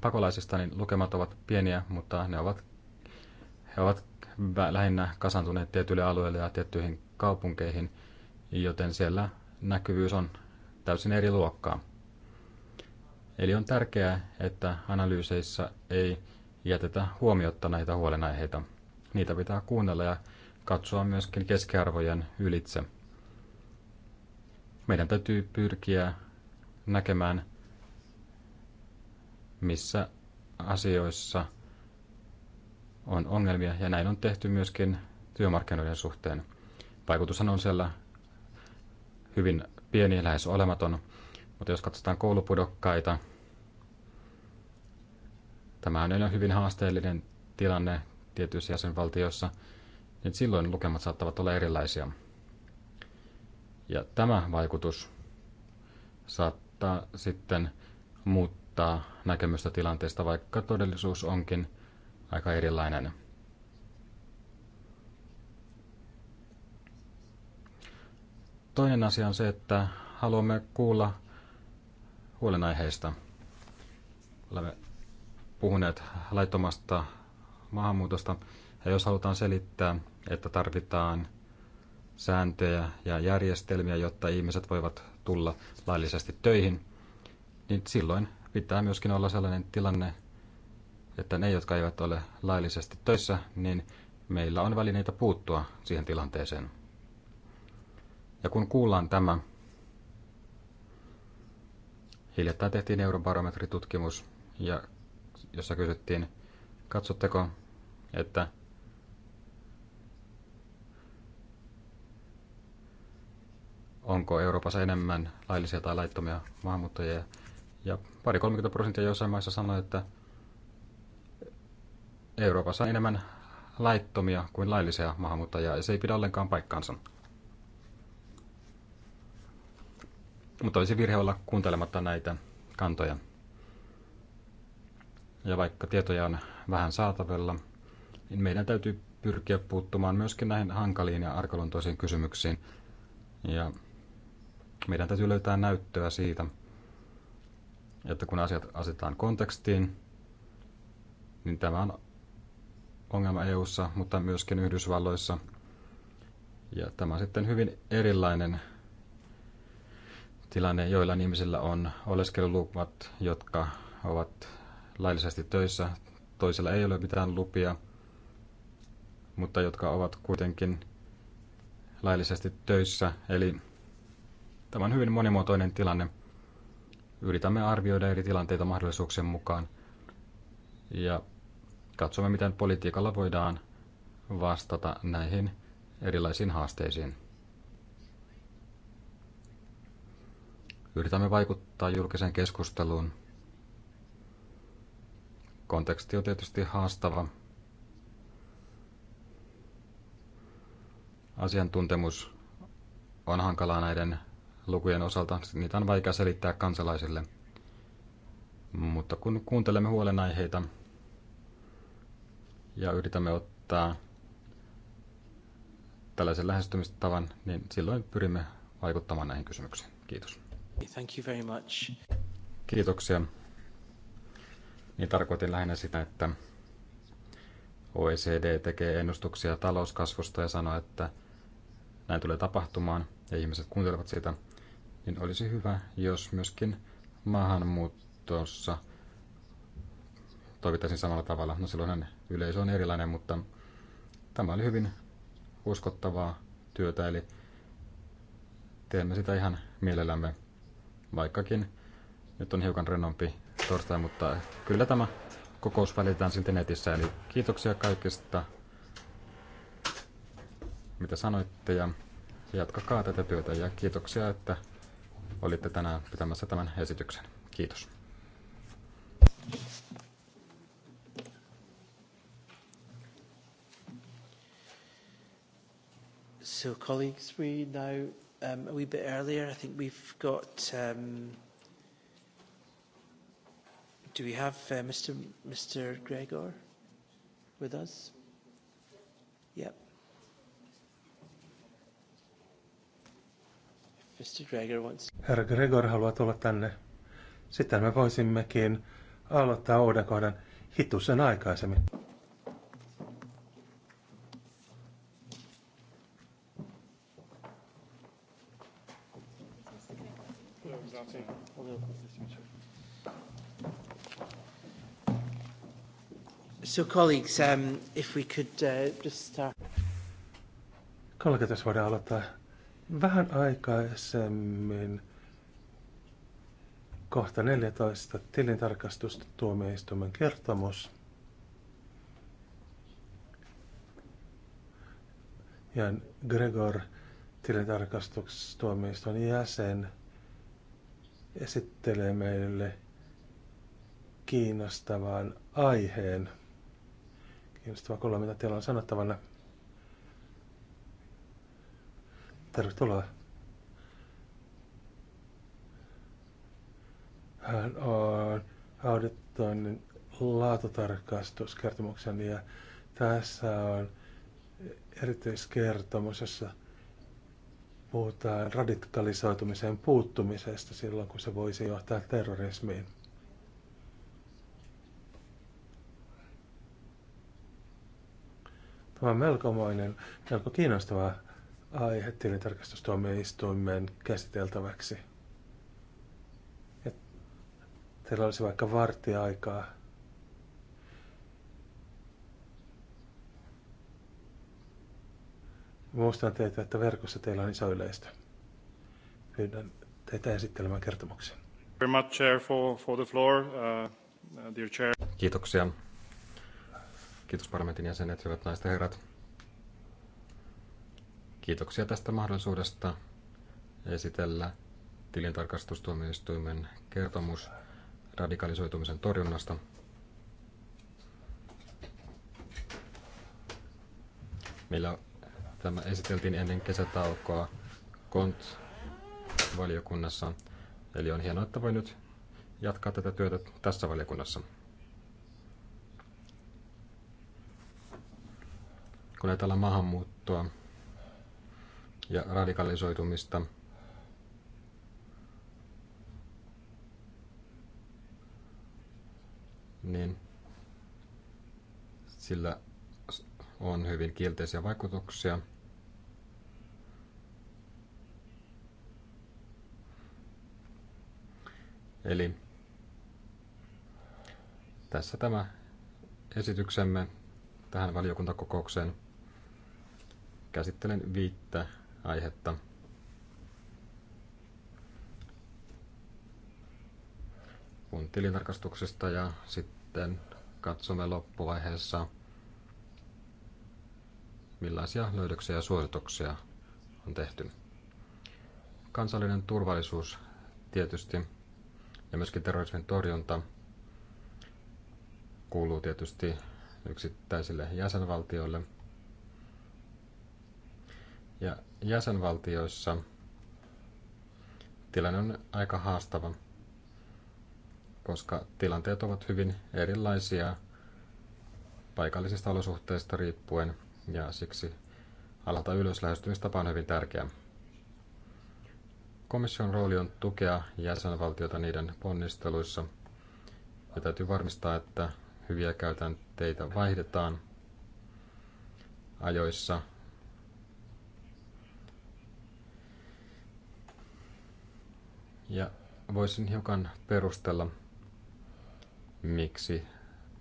pakolaisista, niin lukemat ovat pieniä, mutta ne ovat, he ovat lähinnä kasantuneet tietyille alueille ja tiettyihin kaupunkeihin, joten siellä näkyvyys on täysin eri luokkaa. Eli on tärkeää, että analyyseissa ei jätetä huomiotta näitä huolenaiheita. Niitä pitää kuunnella ja katsoa myöskin keskiarvojen ylitse. Meidän täytyy pyrkiä näkemään, missä asioissa – on ongelmia ja näin on tehty myöskin työmarkkinoiden suhteen. Vaikutushan on siellä hyvin pieni, lähes olematon, mutta jos katsotaan koulupudokkaita, tämä on jo hyvin haasteellinen tilanne tietyissä jäsenvaltioissa, niin silloin lukemat saattavat olla erilaisia. Ja tämä vaikutus saattaa sitten muuttaa näkemystä tilanteesta, vaikka todellisuus onkin – aika erilainen. Toinen asia on se, että haluamme kuulla huolenaiheista. Olemme puhuneet laittomasta maahanmuutosta. Ja jos halutaan selittää, että tarvitaan sääntöjä ja järjestelmiä, jotta ihmiset voivat tulla laillisesti töihin, niin silloin pitää myöskin olla sellainen tilanne, että ne, jotka eivät ole laillisesti töissä, niin meillä on välineitä puuttua siihen tilanteeseen. Ja kun kuullaan tämä, hiljattain tehtiin eurobarometritutkimus, ja jossa kysyttiin, katsotteko, että onko Euroopassa enemmän laillisia tai laittomia maahanmuuttajia. Ja pari 30 prosenttia jossain maissa sanoi, että Euroopassa on enemmän laittomia kuin laillisia maahanmuuttajia, ja se ei pidä ollenkaan paikkaansa. Mutta olisi virhe olla kuuntelematta näitä kantoja. Ja vaikka tietoja on vähän saatavilla, niin meidän täytyy pyrkiä puuttumaan myöskin näihin hankaliin ja arkaluontoisiin kysymyksiin. Ja meidän täytyy löytää näyttöä siitä, että kun asiat asetetaan kontekstiin, niin tämä on ongelma EU:ssa, mutta myöskin Yhdysvalloissa. Ja tämä on sitten hyvin erilainen tilanne, joilla ihmisillä on oleskeluluvat, jotka ovat laillisesti töissä, toisella ei ole mitään lupia, mutta jotka ovat kuitenkin laillisesti töissä. Eli tämä on hyvin monimuotoinen tilanne. Yritämme arvioida eri tilanteita mahdollisuuksien mukaan. Ja katsomme, miten politiikalla voidaan vastata näihin erilaisiin haasteisiin. Yritämme vaikuttaa julkiseen keskusteluun. Konteksti on tietysti haastava. Asiantuntemus on hankalaa näiden lukujen osalta. Niitä on vaikea selittää kansalaisille. Mutta kun kuuntelemme huolenaiheita, ja yritämme ottaa tällaisen lähestymistavan, niin silloin pyrimme vaikuttamaan näihin kysymyksiin. Kiitos. Thank you very much. Kiitoksia. Niin tarkoitin lähinnä sitä, että OECD tekee ennustuksia talouskasvusta ja sanoo, että näin tulee tapahtumaan ja ihmiset kuuntelevat sitä, niin olisi hyvä, jos myöskin maahanmuuttossa – toimittaisiin samalla tavalla. No silloinhan yleisö on erilainen, mutta tämä oli hyvin uskottavaa työtä, eli teemme sitä ihan mielellämme, vaikkakin nyt on hiukan rennompi torstai, mutta kyllä tämä kokous välitetään silti netissä. Eli kiitoksia kaikista, mitä sanoitte ja jatkakaa tätä työtä ja kiitoksia, että olitte tänään pitämässä tämän esityksen. Kiitos. So, colleagues, we now um, a wee bit earlier. I think we've got. Um, do we have uh, Mr. Mr. Gregor with us? Yep. Mr. Gregor wants. Herra Gregor haluaa tulla tänne. Sitten me voisimmekin aloittaa uuden kohdan hitusen aikaisemmin. So colleagues, um, if we could uh, just start. Kollegat, jos voidaan aloittaa vähän aikaisemmin kohta 14 tilintarkastustuomioistuimen kertomus. ja Gregor, tilintarkastustuomioistuimen jäsen, esittelee meille kiinnostavan aiheen – kiinnostava kuulla, mitä teillä on sanottavana. Tervetuloa. Hän on auditoinnin laatutarkastuskertomuksen ja tässä on erityiskertomus, jossa puhutaan radikalisoitumiseen puuttumisesta silloin, kun se voisi johtaa terrorismiin. Tämä on melkomoinen, melko kiinnostava aihe tilintarkastustuomioistuimen käsiteltäväksi. Et teillä olisi vaikka vartiaikaa. Muistan teitä, että verkossa teillä on iso yleistö. Pyydän teitä esittelemään kertomuksen. Very much, chair, for, for the floor, uh, uh dear chair. Kiitoksia Kiitos parlamentin jäsenet, hyvät naiset ja herrat. Kiitoksia tästä mahdollisuudesta esitellä tilintarkastustuomioistuimen kertomus radikalisoitumisen torjunnasta. Meillä tämä esiteltiin ennen kesätaukoa KONT-valiokunnassa, eli on hienoa, että voi nyt jatkaa tätä työtä tässä valiokunnassa. kun ajatellaan maahanmuuttoa ja radikalisoitumista, niin sillä on hyvin kielteisiä vaikutuksia. Eli tässä tämä esityksemme tähän valiokuntakokoukseen käsittelen viittä aihetta. Kun tilintarkastuksesta ja sitten katsomme loppuvaiheessa, millaisia löydöksiä ja suosituksia on tehty. Kansallinen turvallisuus tietysti ja myöskin terrorismin torjunta kuuluu tietysti yksittäisille jäsenvaltioille – ja jäsenvaltioissa tilanne on aika haastava, koska tilanteet ovat hyvin erilaisia paikallisista olosuhteista riippuen, ja siksi alata ylös lähestymistapa on hyvin tärkeä. Komission rooli on tukea jäsenvaltiota niiden ponnisteluissa, ja täytyy varmistaa, että hyviä käytänteitä vaihdetaan ajoissa Ja voisin hiukan perustella, miksi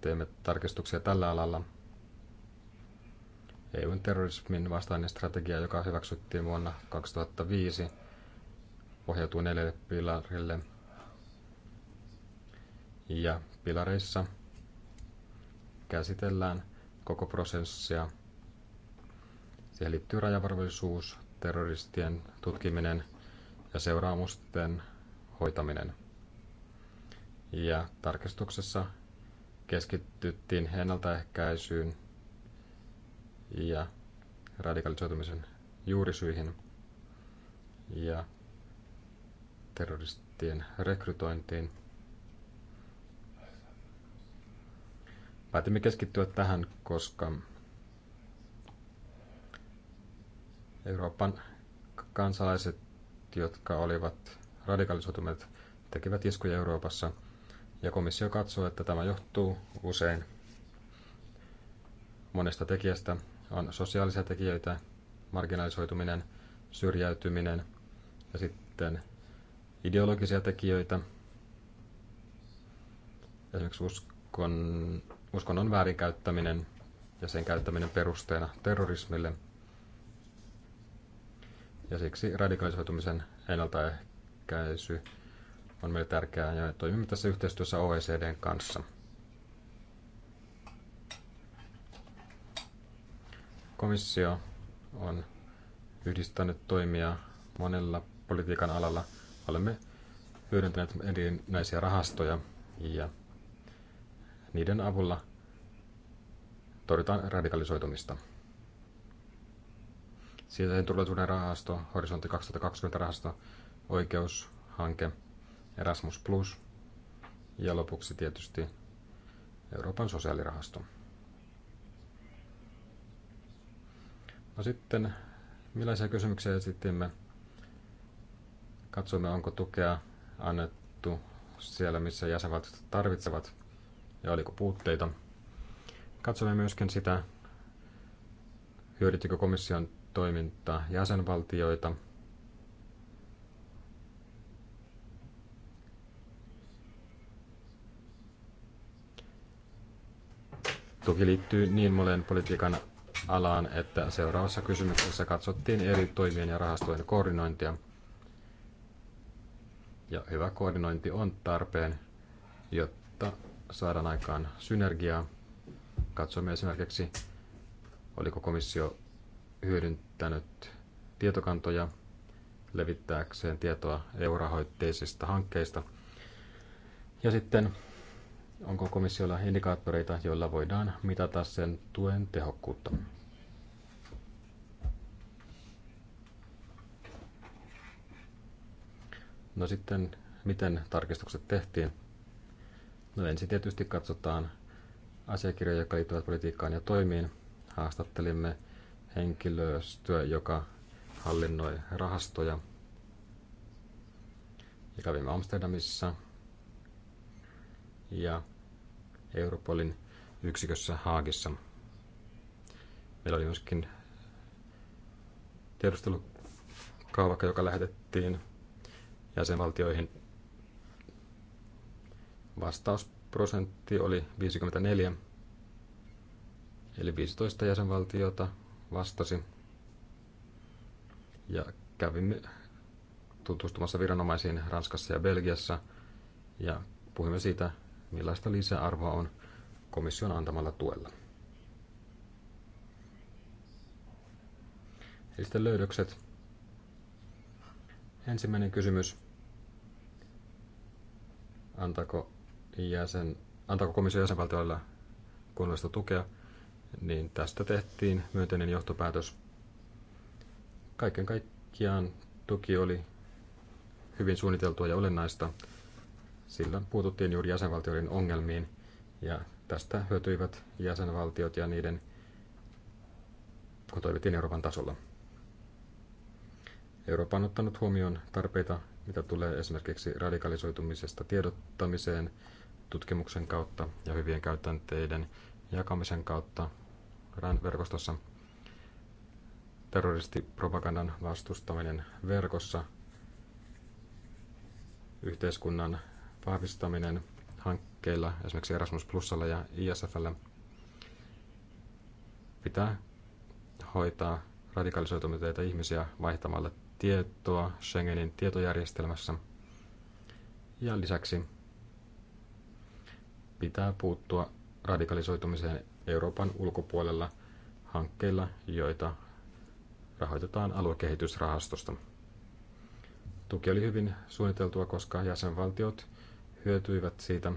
teemme tarkistuksia tällä alalla. EUn terrorismin vastainen strategia, joka hyväksyttiin vuonna 2005, pohjautuu neljälle pilarille. Ja pilareissa käsitellään koko prosessia. Siihen liittyy rajavarallisuus, terroristien tutkiminen ja seuraamusten hoitaminen. Ja tarkistuksessa keskityttiin ennaltaehkäisyyn ja radikalisoitumisen juurisyihin ja terroristien rekrytointiin. Päätimme keskittyä tähän, koska Euroopan kansalaiset, jotka olivat radikalisoituneet tekevät iskuja Euroopassa, ja komissio katsoo, että tämä johtuu usein monesta tekijästä. On sosiaalisia tekijöitä, marginalisoituminen, syrjäytyminen ja sitten ideologisia tekijöitä, esimerkiksi uskon, uskonnon väärinkäyttäminen ja sen käyttäminen perusteena terrorismille. Ja siksi radikalisoitumisen ennaltaehkäisy ehkäisy on meille tärkeää ja toimimme tässä yhteistyössä OECDn kanssa. Komissio on yhdistänyt toimia monella politiikan alalla. Olemme hyödyntäneet erinäisiä rahastoja ja niiden avulla torjutaan radikalisoitumista. Sisäisen turvallisuuden rahasto, Horisontti 2020 rahasto oikeushanke, Erasmus Plus ja lopuksi tietysti Euroopan sosiaalirahasto. No sitten, millaisia kysymyksiä esitimme? Katsomme, onko tukea annettu siellä, missä jäsenvaltiot tarvitsevat ja oliko puutteita. Katsomme myöskin sitä, hyödyttikö komission toiminta jäsenvaltioita – Tuki liittyy niin monen politiikan alaan, että seuraavassa kysymyksessä katsottiin eri toimien ja rahastojen koordinointia. Ja hyvä koordinointi on tarpeen, jotta saadaan aikaan synergiaa. Katsomme esimerkiksi, oliko komissio hyödyntänyt tietokantoja levittääkseen tietoa eurorahoitteisista hankkeista. Ja sitten onko komissiolla indikaattoreita, joilla voidaan mitata sen tuen tehokkuutta? No sitten, miten tarkistukset tehtiin? No ensin tietysti katsotaan asiakirjoja, jotka liittyvät politiikkaan ja toimiin. Haastattelimme henkilöstöä, joka hallinnoi rahastoja. Ja kävimme Amsterdamissa, ja Europolin yksikössä Haagissa. Meillä oli myöskin tiedustelukaavakka, joka lähetettiin jäsenvaltioihin. Vastausprosentti oli 54, eli 15 jäsenvaltiota vastasi. Ja kävimme tutustumassa viranomaisiin Ranskassa ja Belgiassa ja puhuimme siitä, millaista lisäarvoa on komission antamalla tuella. Eli sitten löydökset. Ensimmäinen kysymys. Antako, jäsen, antako komission jäsenvaltioilla kunnallista tukea? Niin tästä tehtiin myönteinen johtopäätös. Kaiken kaikkiaan tuki oli hyvin suunniteltua ja olennaista Silloin puututtiin juuri jäsenvaltioiden ongelmiin ja tästä hyötyivät jäsenvaltiot ja niiden, kun toimittiin Euroopan tasolla. Eurooppa on ottanut huomioon tarpeita, mitä tulee esimerkiksi radikalisoitumisesta tiedottamiseen, tutkimuksen kautta ja hyvien käytänteiden jakamisen kautta RAN-verkostossa. Terroristipropagandan vastustaminen verkossa, yhteiskunnan vahvistaminen hankkeilla, esimerkiksi Erasmus Plusalla ja ISFllä, pitää hoitaa radikalisoituneita ihmisiä vaihtamalla tietoa Schengenin tietojärjestelmässä. Ja lisäksi pitää puuttua radikalisoitumiseen Euroopan ulkopuolella hankkeilla, joita rahoitetaan aluekehitysrahastosta. Tuki oli hyvin suunniteltua, koska jäsenvaltiot – hyötyivät siitä.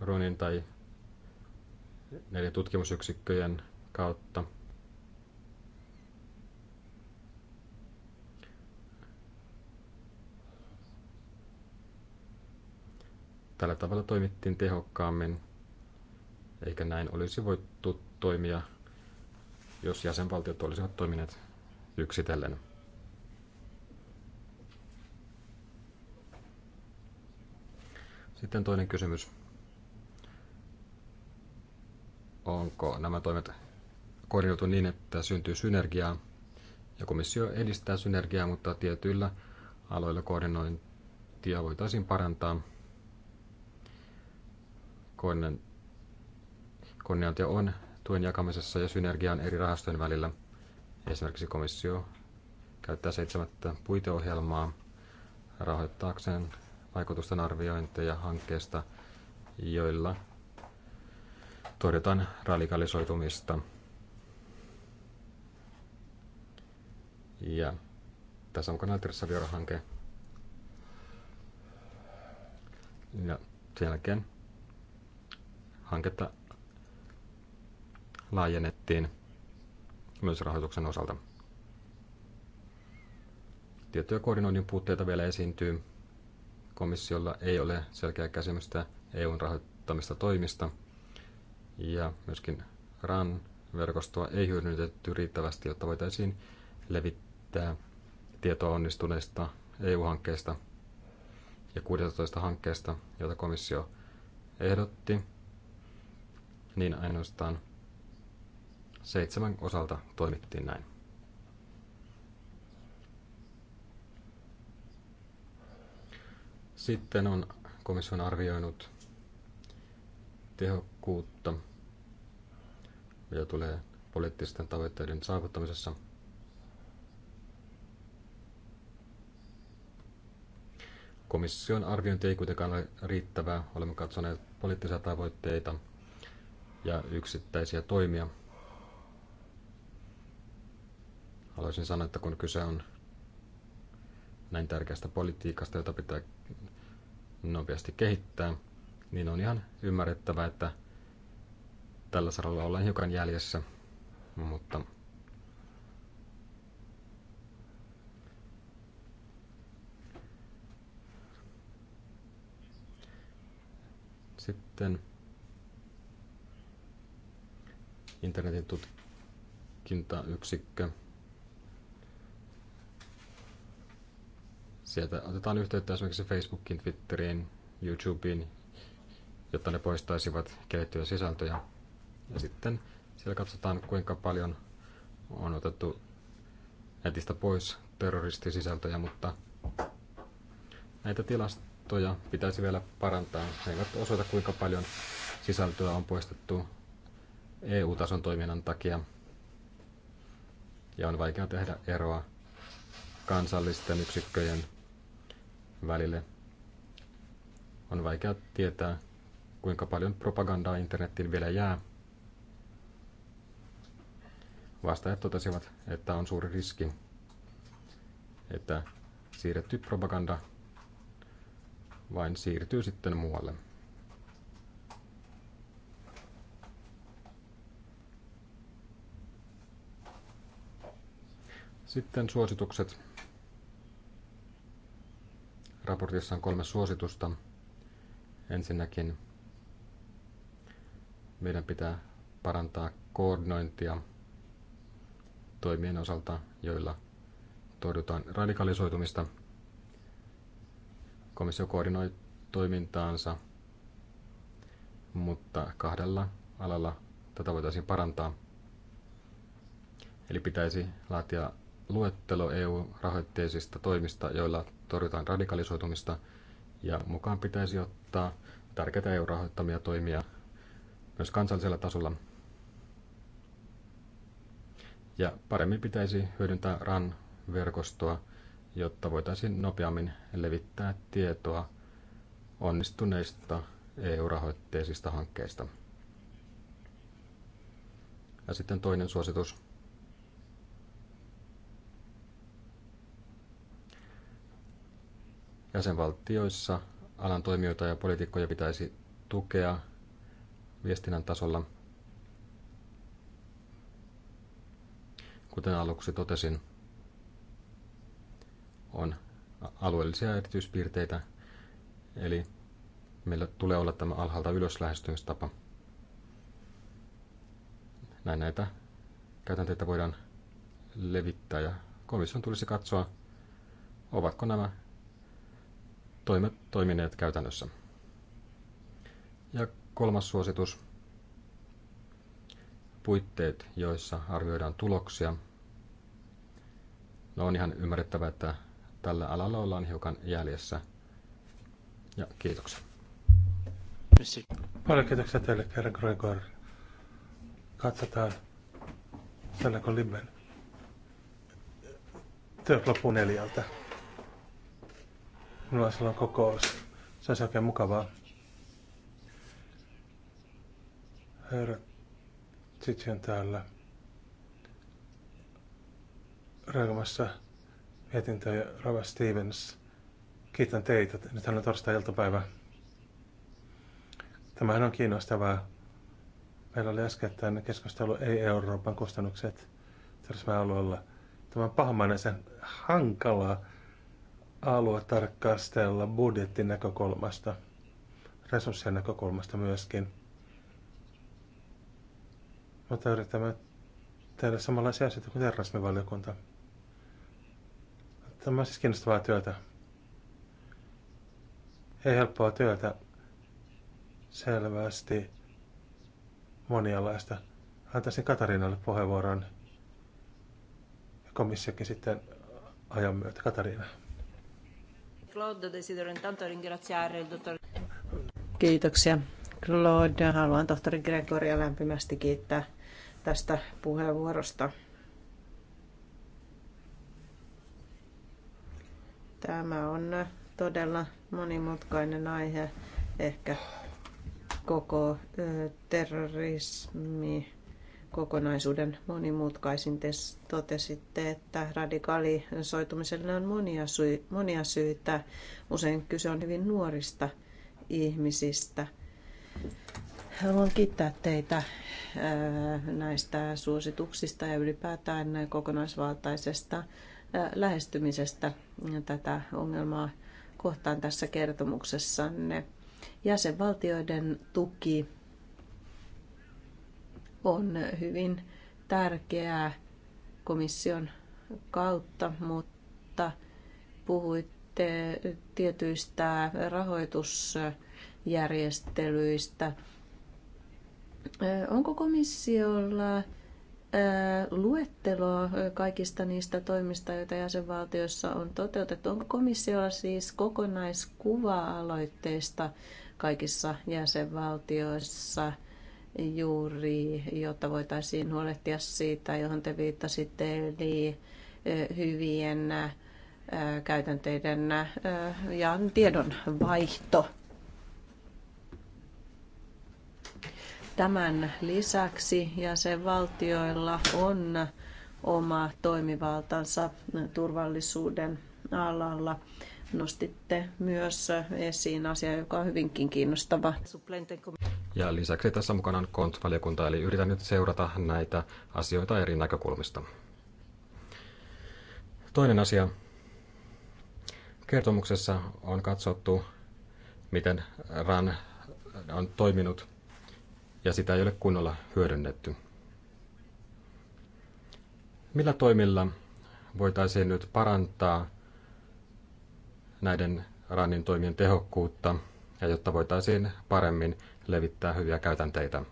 Ronin tai näiden tutkimusyksikköjen kautta. Tällä tavalla toimittiin tehokkaammin, eikä näin olisi voitu toimia, jos jäsenvaltiot olisivat toimineet yksitellen. Sitten toinen kysymys. Onko nämä toimet korjautu niin, että syntyy synergiaa? Ja komissio edistää synergiaa, mutta tietyillä aloilla koordinointia voitaisiin parantaa. Koordinointia on tuen jakamisessa ja synergiaan eri rahastojen välillä. Esimerkiksi komissio käyttää seitsemättä puiteohjelmaa rahoittaakseen vaikutusten arviointeja hankkeesta, joilla torjutaan radikalisoitumista. Ja tässä on kanaltirissa tersaviora Ja sen jälkeen hanketta laajennettiin myös rahoituksen osalta. Tiettyjä koordinoinnin puutteita vielä esiintyy, komissiolla ei ole selkeää käsimystä EUn rahoittamista toimista, ja myöskin RAN-verkostoa ei hyödynnetty riittävästi, jotta voitaisiin levittää tietoa onnistuneista EU-hankkeista ja 16 hankkeesta, joita komissio ehdotti, niin ainoastaan seitsemän osalta toimittiin näin. Sitten on komission arvioinut tehokkuutta, mitä tulee poliittisten tavoitteiden saavuttamisessa. Komission arviointi ei kuitenkaan ole riittävää. Olemme katsoneet poliittisia tavoitteita ja yksittäisiä toimia. Haluaisin sanoa, että kun kyse on näin tärkeästä politiikasta, jota pitää nopeasti kehittää, niin on ihan ymmärrettävä, että tällä saralla ollaan hiukan jäljessä, mutta sitten internetin tutkintayksikkö – Sieltä otetaan yhteyttä esimerkiksi Facebookiin, Twitteriin, YouTubeen, jotta ne poistaisivat kerättyjä sisältöjä. Ja sitten siellä katsotaan, kuinka paljon on otettu netistä pois terroristisisältöjä, mutta näitä tilastoja pitäisi vielä parantaa. Ne eivät osoita, kuinka paljon sisältöä on poistettu EU-tason toiminnan takia. Ja on vaikea tehdä eroa kansallisten yksikköjen välille. On vaikea tietää, kuinka paljon propagandaa internettiin vielä jää. Vastaajat totesivat, että on suuri riski, että siirretty propaganda vain siirtyy sitten muualle. Sitten suositukset. Raportissa on kolme suositusta. Ensinnäkin meidän pitää parantaa koordinointia toimien osalta, joilla torjutaan radikalisoitumista. Komissio koordinoi toimintaansa, mutta kahdella alalla tätä voitaisiin parantaa. Eli pitäisi laatia luettelo EU-rahoitteisista toimista, joilla torjutaan radikalisoitumista ja mukaan pitäisi ottaa tärkeitä EU-rahoittamia toimia myös kansallisella tasolla. Ja paremmin pitäisi hyödyntää RAN-verkostoa, jotta voitaisiin nopeammin levittää tietoa onnistuneista EU-rahoitteisista hankkeista. Ja sitten toinen suositus. Jäsenvaltioissa alan toimijoita ja poliitikkoja pitäisi tukea viestinnän tasolla. Kuten aluksi totesin, on alueellisia erityispiirteitä, eli meillä tulee olla tämä alhaalta ylös lähestymistapa. Näin näitä käytänteitä voidaan levittää ja komission tulisi katsoa, ovatko nämä toimet toimineet käytännössä. Ja kolmas suositus. Puitteet, joissa arvioidaan tuloksia. No on ihan ymmärrettävä, että tällä alalla ollaan hiukan jäljessä. Ja kiitoksia. Paljon kiitoksia teille, Kerr Gregor. Katsotaan, kun Libben. Työ loppuu neljältä. Minulla on silloin kokous. Se olisi oikein mukavaa. Herra Tsitsi on täällä reagoimassa mietintöä ja Rava Stevens. Kiitän teitä. Nythän on torstai-iltapäivä. Tämähän on kiinnostavaa. Meillä oli äskettäin keskustelu ei-Euroopan kustannukset Tämä on pahamainen sen hankalaa aluetarkastella tarkastella näkökulmasta, resurssien näkökulmasta myöskin. Mutta yritämme tehdä samanlaisia asioita kuin terrasmivaliokunta. Tämä on siis kiinnostavaa työtä. Ei helppoa työtä, selvästi monialaista. Antaisin Katariinalle puheenvuoron ja komissiokin sitten ajan myötä. Katariina. Claude, desidero intanto ringraziare il dottor... Kiitoksia. Claude, haluan tohtori Gregoria lämpimästi kiittää tästä puheenvuorosta. Tämä on todella monimutkainen aihe, ehkä koko terrorismi kokonaisuuden monimutkaisin. Te totesitte, että radikaalisoitumisella on monia, sy- monia syitä. Usein kyse on hyvin nuorista ihmisistä. Haluan kiittää teitä näistä suosituksista ja ylipäätään kokonaisvaltaisesta lähestymisestä tätä ongelmaa kohtaan tässä kertomuksessanne. Jäsenvaltioiden tuki on hyvin tärkeää komission kautta, mutta puhuitte tietyistä rahoitusjärjestelyistä. Onko komissiolla luetteloa kaikista niistä toimista, joita jäsenvaltioissa on toteutettu? Onko komissiolla siis kokonaiskuva aloitteista kaikissa jäsenvaltioissa – juuri, jotta voitaisiin huolehtia siitä, johon te viittasitte, eli hyvien käytänteiden ja tiedon vaihto. Tämän lisäksi jäsenvaltioilla on oma toimivaltansa turvallisuuden alalla. Nostitte myös esiin asia, joka on hyvinkin kiinnostava. Ja lisäksi tässä mukana on KONT-valiokunta, eli yritän nyt seurata näitä asioita eri näkökulmista. Toinen asia. Kertomuksessa on katsottu, miten RAN on toiminut, ja sitä ei ole kunnolla hyödynnetty. Millä toimilla voitaisiin nyt parantaa näiden RANin toimien tehokkuutta, ja jotta voitaisiin paremmin levittää hyviä käytänteitä.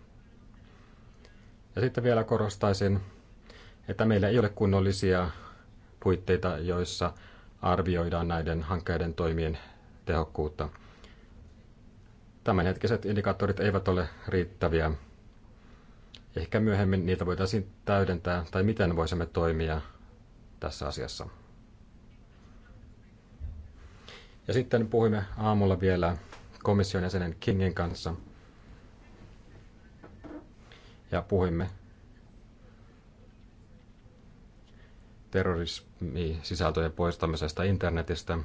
Ja sitten vielä korostaisin, että meillä ei ole kunnollisia puitteita, joissa arvioidaan näiden hankkeiden toimien tehokkuutta. Tämänhetkiset indikaattorit eivät ole riittäviä. Ehkä myöhemmin niitä voitaisiin täydentää tai miten voisimme toimia tässä asiassa. Ja sitten puhuimme aamulla vielä komission jäsenen Kingin kanssa – ja puhuimme terrorismisisältöjen poistamisesta internetistä.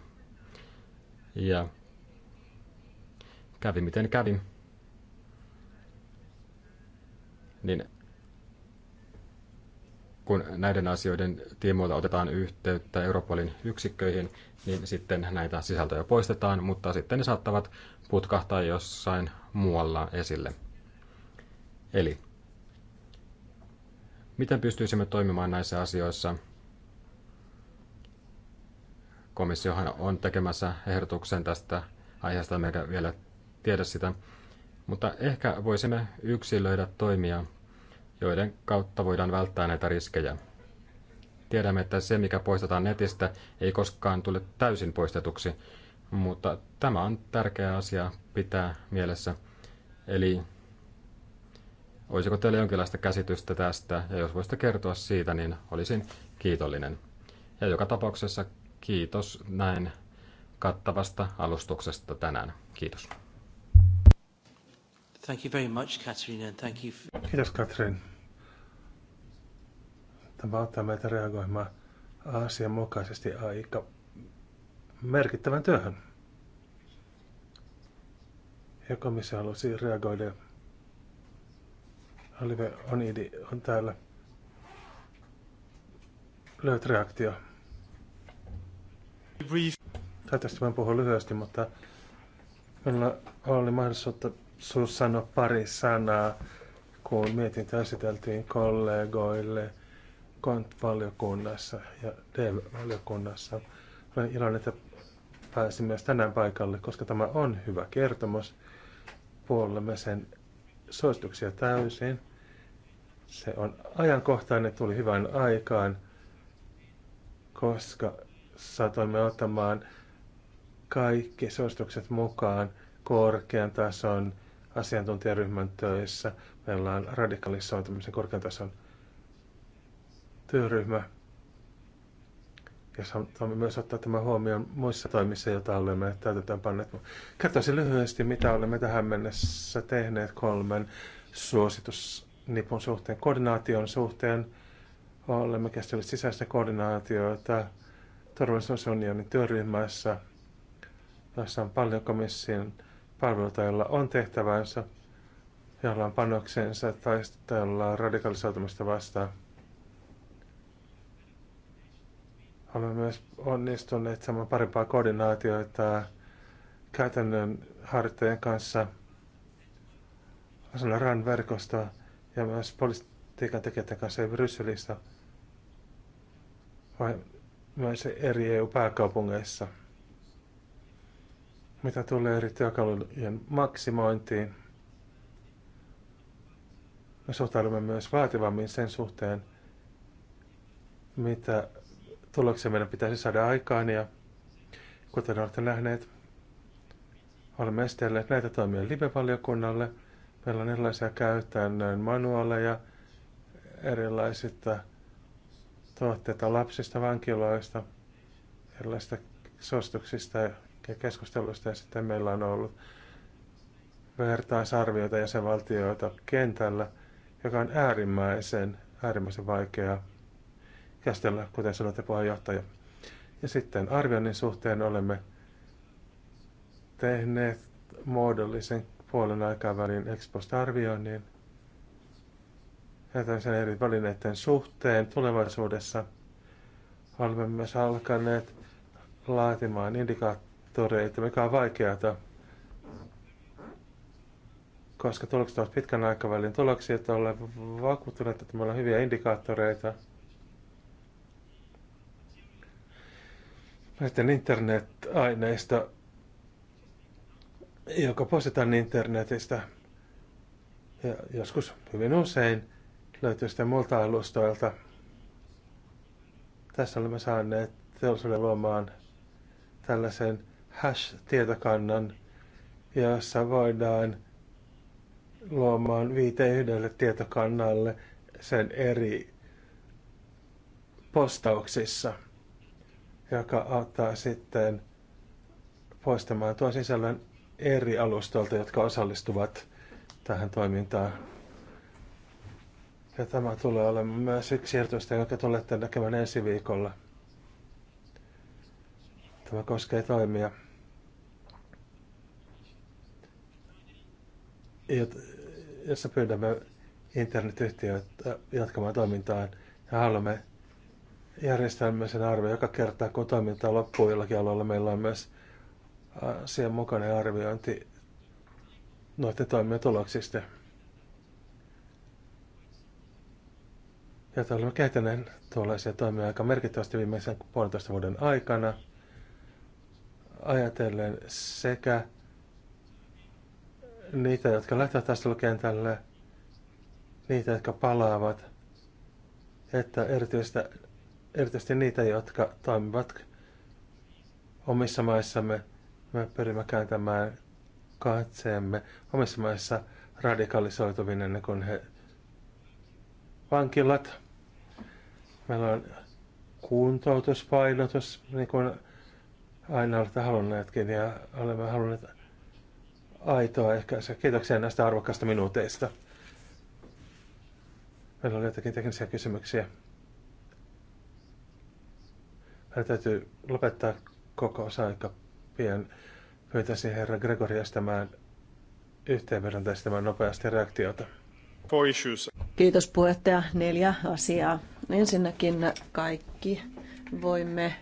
Ja kävi miten kävi. Niin kun näiden asioiden tiimoilta otetaan yhteyttä Europolin yksikköihin, niin sitten näitä sisältöjä poistetaan, mutta sitten ne saattavat putkahtaa jossain muualla esille. Eli Miten pystyisimme toimimaan näissä asioissa? Komissiohan on tekemässä ehdotuksen tästä aiheesta, meidän vielä tiedä sitä. Mutta ehkä voisimme yksilöidä toimia, joiden kautta voidaan välttää näitä riskejä. Tiedämme, että se, mikä poistetaan netistä, ei koskaan tule täysin poistetuksi, mutta tämä on tärkeä asia pitää mielessä. Eli Olisiko teillä jonkinlaista käsitystä tästä, ja jos voisitte kertoa siitä, niin olisin kiitollinen. Ja joka tapauksessa kiitos näin kattavasta alustuksesta tänään. Kiitos. Thank you very much, and Thank you for... Kiitos, Katrin. Tämä auttaa meitä reagoimaan asianmukaisesti aika merkittävän työhön. Ja komissio halusi reagoida Olive Onidi on täällä. Löyt reaktio. Tästä Toivottavasti mä puhun lyhyesti, mutta minulla oli mahdollisuus sanoa pari sanaa, kun mietintä esiteltiin kollegoille KONT-valiokunnassa ja D-valiokunnassa. Olen iloinen, että pääsin myös tänään paikalle, koska tämä on hyvä kertomus. Puolemme sen suosituksia täysin. Se on ajankohtainen, tuli hyvään aikaan, koska saatoimme ottamaan kaikki suositukset mukaan korkean tason asiantuntijaryhmän töissä. Meillä on radikalisoitumisen korkean tason työryhmä, ja saamme myös ottaa tämän huomioon muissa toimissa, joita olemme täytetään panneet. Kertoisin lyhyesti, mitä olemme tähän mennessä tehneet kolmen suositusnipun suhteen. Koordinaation suhteen olemme käsitelleet sisäistä koordinaatiota turvallisuusunionin työryhmässä, jossa on paljon komission palveluita, joilla on tehtävänsä, joilla on panoksensa taistella radikalisoitumista vastaan – Olemme myös onnistuneet saamaan parempaa koordinaatioita käytännön harjoittajien kanssa osana ran verkosta ja myös politiikan tekijöiden kanssa Brysselissä, vai myös eri EU-pääkaupungeissa. Mitä tulee eri työkalujen maksimointiin, me suhtaudumme myös vaativammin sen suhteen, mitä tuloksia meidän pitäisi saada aikaan ja kuten olette nähneet, olemme esitelleet näitä toimia live-valiokunnalle. Meillä on erilaisia käytännön manuaaleja, erilaisista tuotteita lapsista, vankiloista, erilaisista suosituksista ja keskusteluista. Ja sitten meillä on ollut vertaisarvioita jäsenvaltioita kentällä, joka on äärimmäisen, äärimmäisen vaikeaa käsitellä, kuten sanoitte puheenjohtaja. Ja sitten arvioinnin suhteen olemme tehneet muodollisen puolen aikavälin expost-arvioinnin ja sen eri välineiden suhteen tulevaisuudessa. Olemme myös alkaneet laatimaan indikaattoreita, mikä on vaikeata, koska tulokset ovat pitkän aikavälin tuloksia, että olemme vakuuttuneet, että meillä on hyviä indikaattoreita – näiden internet-aineista, joka postitaan internetistä. Ja joskus hyvin usein löytyy sitten muilta alustoilta. Tässä olemme saaneet teollisuuden luomaan tällaisen hash-tietokannan, jossa voidaan luomaan viite yhdelle tietokannalle sen eri postauksissa – joka auttaa sitten poistamaan tuon sisällön eri alustoilta, jotka osallistuvat tähän toimintaan. Ja tämä tulee olemaan myös yksi siirtoista, jonka tulette näkemään ensi viikolla. Tämä koskee toimia. jossa pyydämme internetyhtiöitä jatkamaan toimintaan ja haluamme järjestelmällisen arvio joka kerta, kun toiminta loppuu jollakin alueella. Meillä on myös äh, siihen mukainen arviointi noiden toimien tuloksista. Ja olemme käyttäneet tuollaisia toimia aika merkittävästi viimeisen puolentoista vuoden aikana ajatellen sekä niitä, jotka lähtevät taistelukentälle, niitä, jotka palaavat, että erityistä erityisesti niitä, jotka toimivat omissa maissamme. Me pyrimme kääntämään katseemme omissa maissa radikalisoituvin ennen kuin he vankilat. Meillä on kuntoutuspainotus, niin kuin aina olette halunneetkin, ja olemme halunneet aitoa ehkäisyä. Kiitoksia näistä arvokkaista minuuteista. Meillä oli jotakin teknisiä kysymyksiä. Hän täytyy lopettaa koko osa-aika pian. Pyytäisin herra Gregoria estämään yhteenvedon tästä nopeasti reaktiota. Kiitos puheenjohtaja. Neljä asiaa. Ensinnäkin kaikki voimme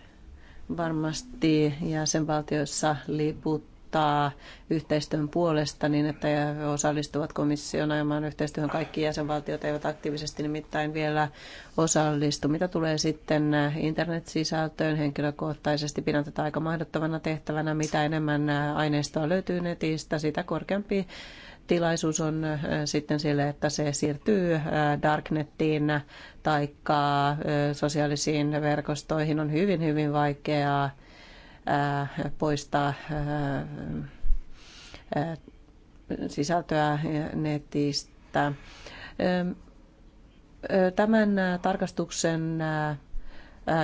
varmasti jäsenvaltioissa liiput puoltaa yhteistyön puolesta niin, että osallistuvat komission ajamaan yhteistyöhön. Kaikki jäsenvaltiot eivät aktiivisesti nimittäin vielä osallistu. Mitä tulee sitten internetsisältöön henkilökohtaisesti, pidän tätä aika mahdottavana tehtävänä. Mitä enemmän aineistoa löytyy netistä, sitä korkeampi tilaisuus on äh, sitten sille, että se siirtyy äh, darknettiin tai äh, sosiaalisiin verkostoihin. On hyvin, hyvin vaikeaa Äh, poistaa äh, äh, sisältöä netistä. Tämän tarkastuksen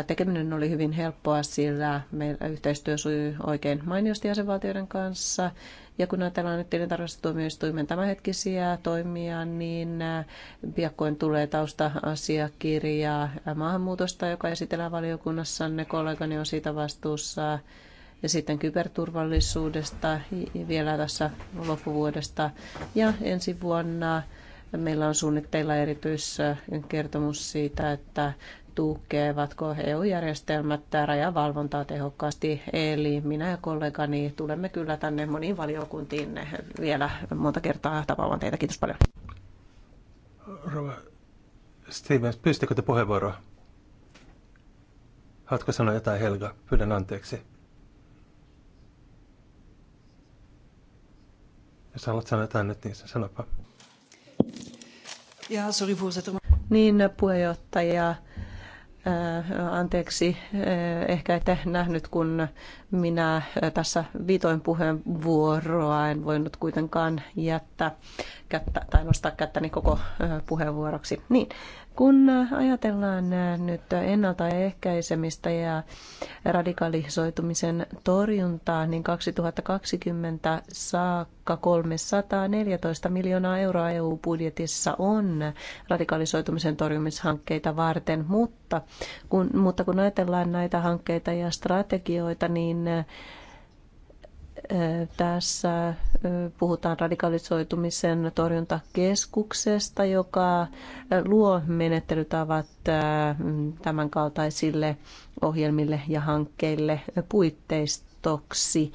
tekeminen oli hyvin helppoa, sillä meillä yhteistyö sujui oikein mainiosti jäsenvaltioiden kanssa. Ja kun ajatellaan että tilintarkastustuomioistuimen tämänhetkisiä toimia, niin äh, piakkoin tulee tausta-asiakirja maahanmuutosta, joka esitellään ne Kollegani on siitä vastuussa ja sitten kyberturvallisuudesta vielä tässä loppuvuodesta. Ja ensi vuonna meillä on suunnitteilla erityiskertomus siitä, että tukevatko EU-järjestelmät rajavalvontaa tehokkaasti. Eli minä ja kollegani tulemme kyllä tänne moniin valiokuntiin vielä monta kertaa tapaamaan teitä. Kiitos paljon. Rova Stevens, pyysittekö te puheenvuoroa? Haluatko sanoa jotain, Helga? Pyydän anteeksi. Jos haluat sanoa jotain nyt, niin sanopa. Ja, sorry, Niin, puheenjohtaja Äh, anteeksi äh, ehkä ette nähnyt, kun minä äh, tässä viitoin puheenvuoroa en voinut kuitenkaan jättää kättä, tai nostaa kättäni koko puheenvuoroksi. Niin, kun ajatellaan nyt ennaltaehkäisemistä ja radikalisoitumisen torjuntaa, niin 2020 saakka 314 miljoonaa euroa EU-budjetissa on radikalisoitumisen torjumishankkeita varten, mutta kun, mutta kun ajatellaan näitä hankkeita ja strategioita, niin tässä puhutaan radikalisoitumisen torjuntakeskuksesta, joka luo menettelytavat tämänkaltaisille ohjelmille ja hankkeille puitteistoksi.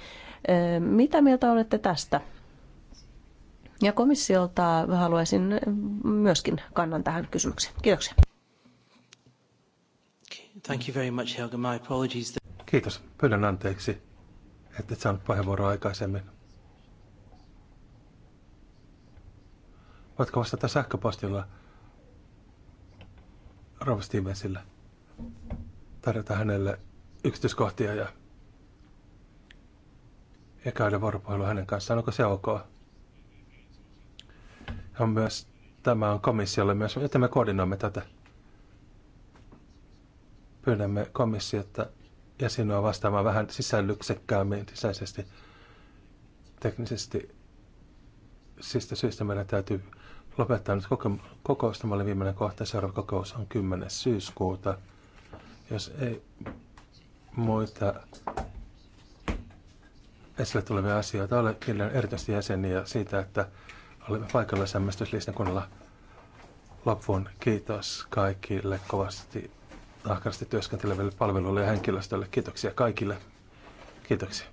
Mitä mieltä olette tästä? Ja komissiolta haluaisin myöskin kannan tähän kysymykseen. Kiitoksia. Thank you very much, Helga. My apologies. Kiitos. Pyydän anteeksi että et saanut puheenvuoroa aikaisemmin. Voitko vastata sähköpostilla Rova Stevensille? Tarjota hänelle yksityiskohtia ja, ja käydä vuoropuhelu hänen kanssaan. Onko se ok? Ja myös, tämä on komissiolle myös, että me koordinoimme tätä. Pyydämme komissiota jäsenoa vastaamaan vähän sisällyksekkäämmin sisäisesti teknisesti. Sistä syystä meidän täytyy lopettaa nyt koko, kokousta. tämä viimeinen kohta. Seuraava kokous on 10. syyskuuta. Jos ei muita esille tulevia asioita ole, kiitän erityisesti jäseniä siitä, että olimme paikalla sämmästyslistan kunnolla loppuun. Kiitos kaikille kovasti ahkerasti työskenteleville palveluille ja henkilöstölle. Kiitoksia kaikille. Kiitoksia.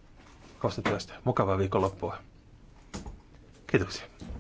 Kosta työstä. Mukavaa viikonloppua. Kiitoksia.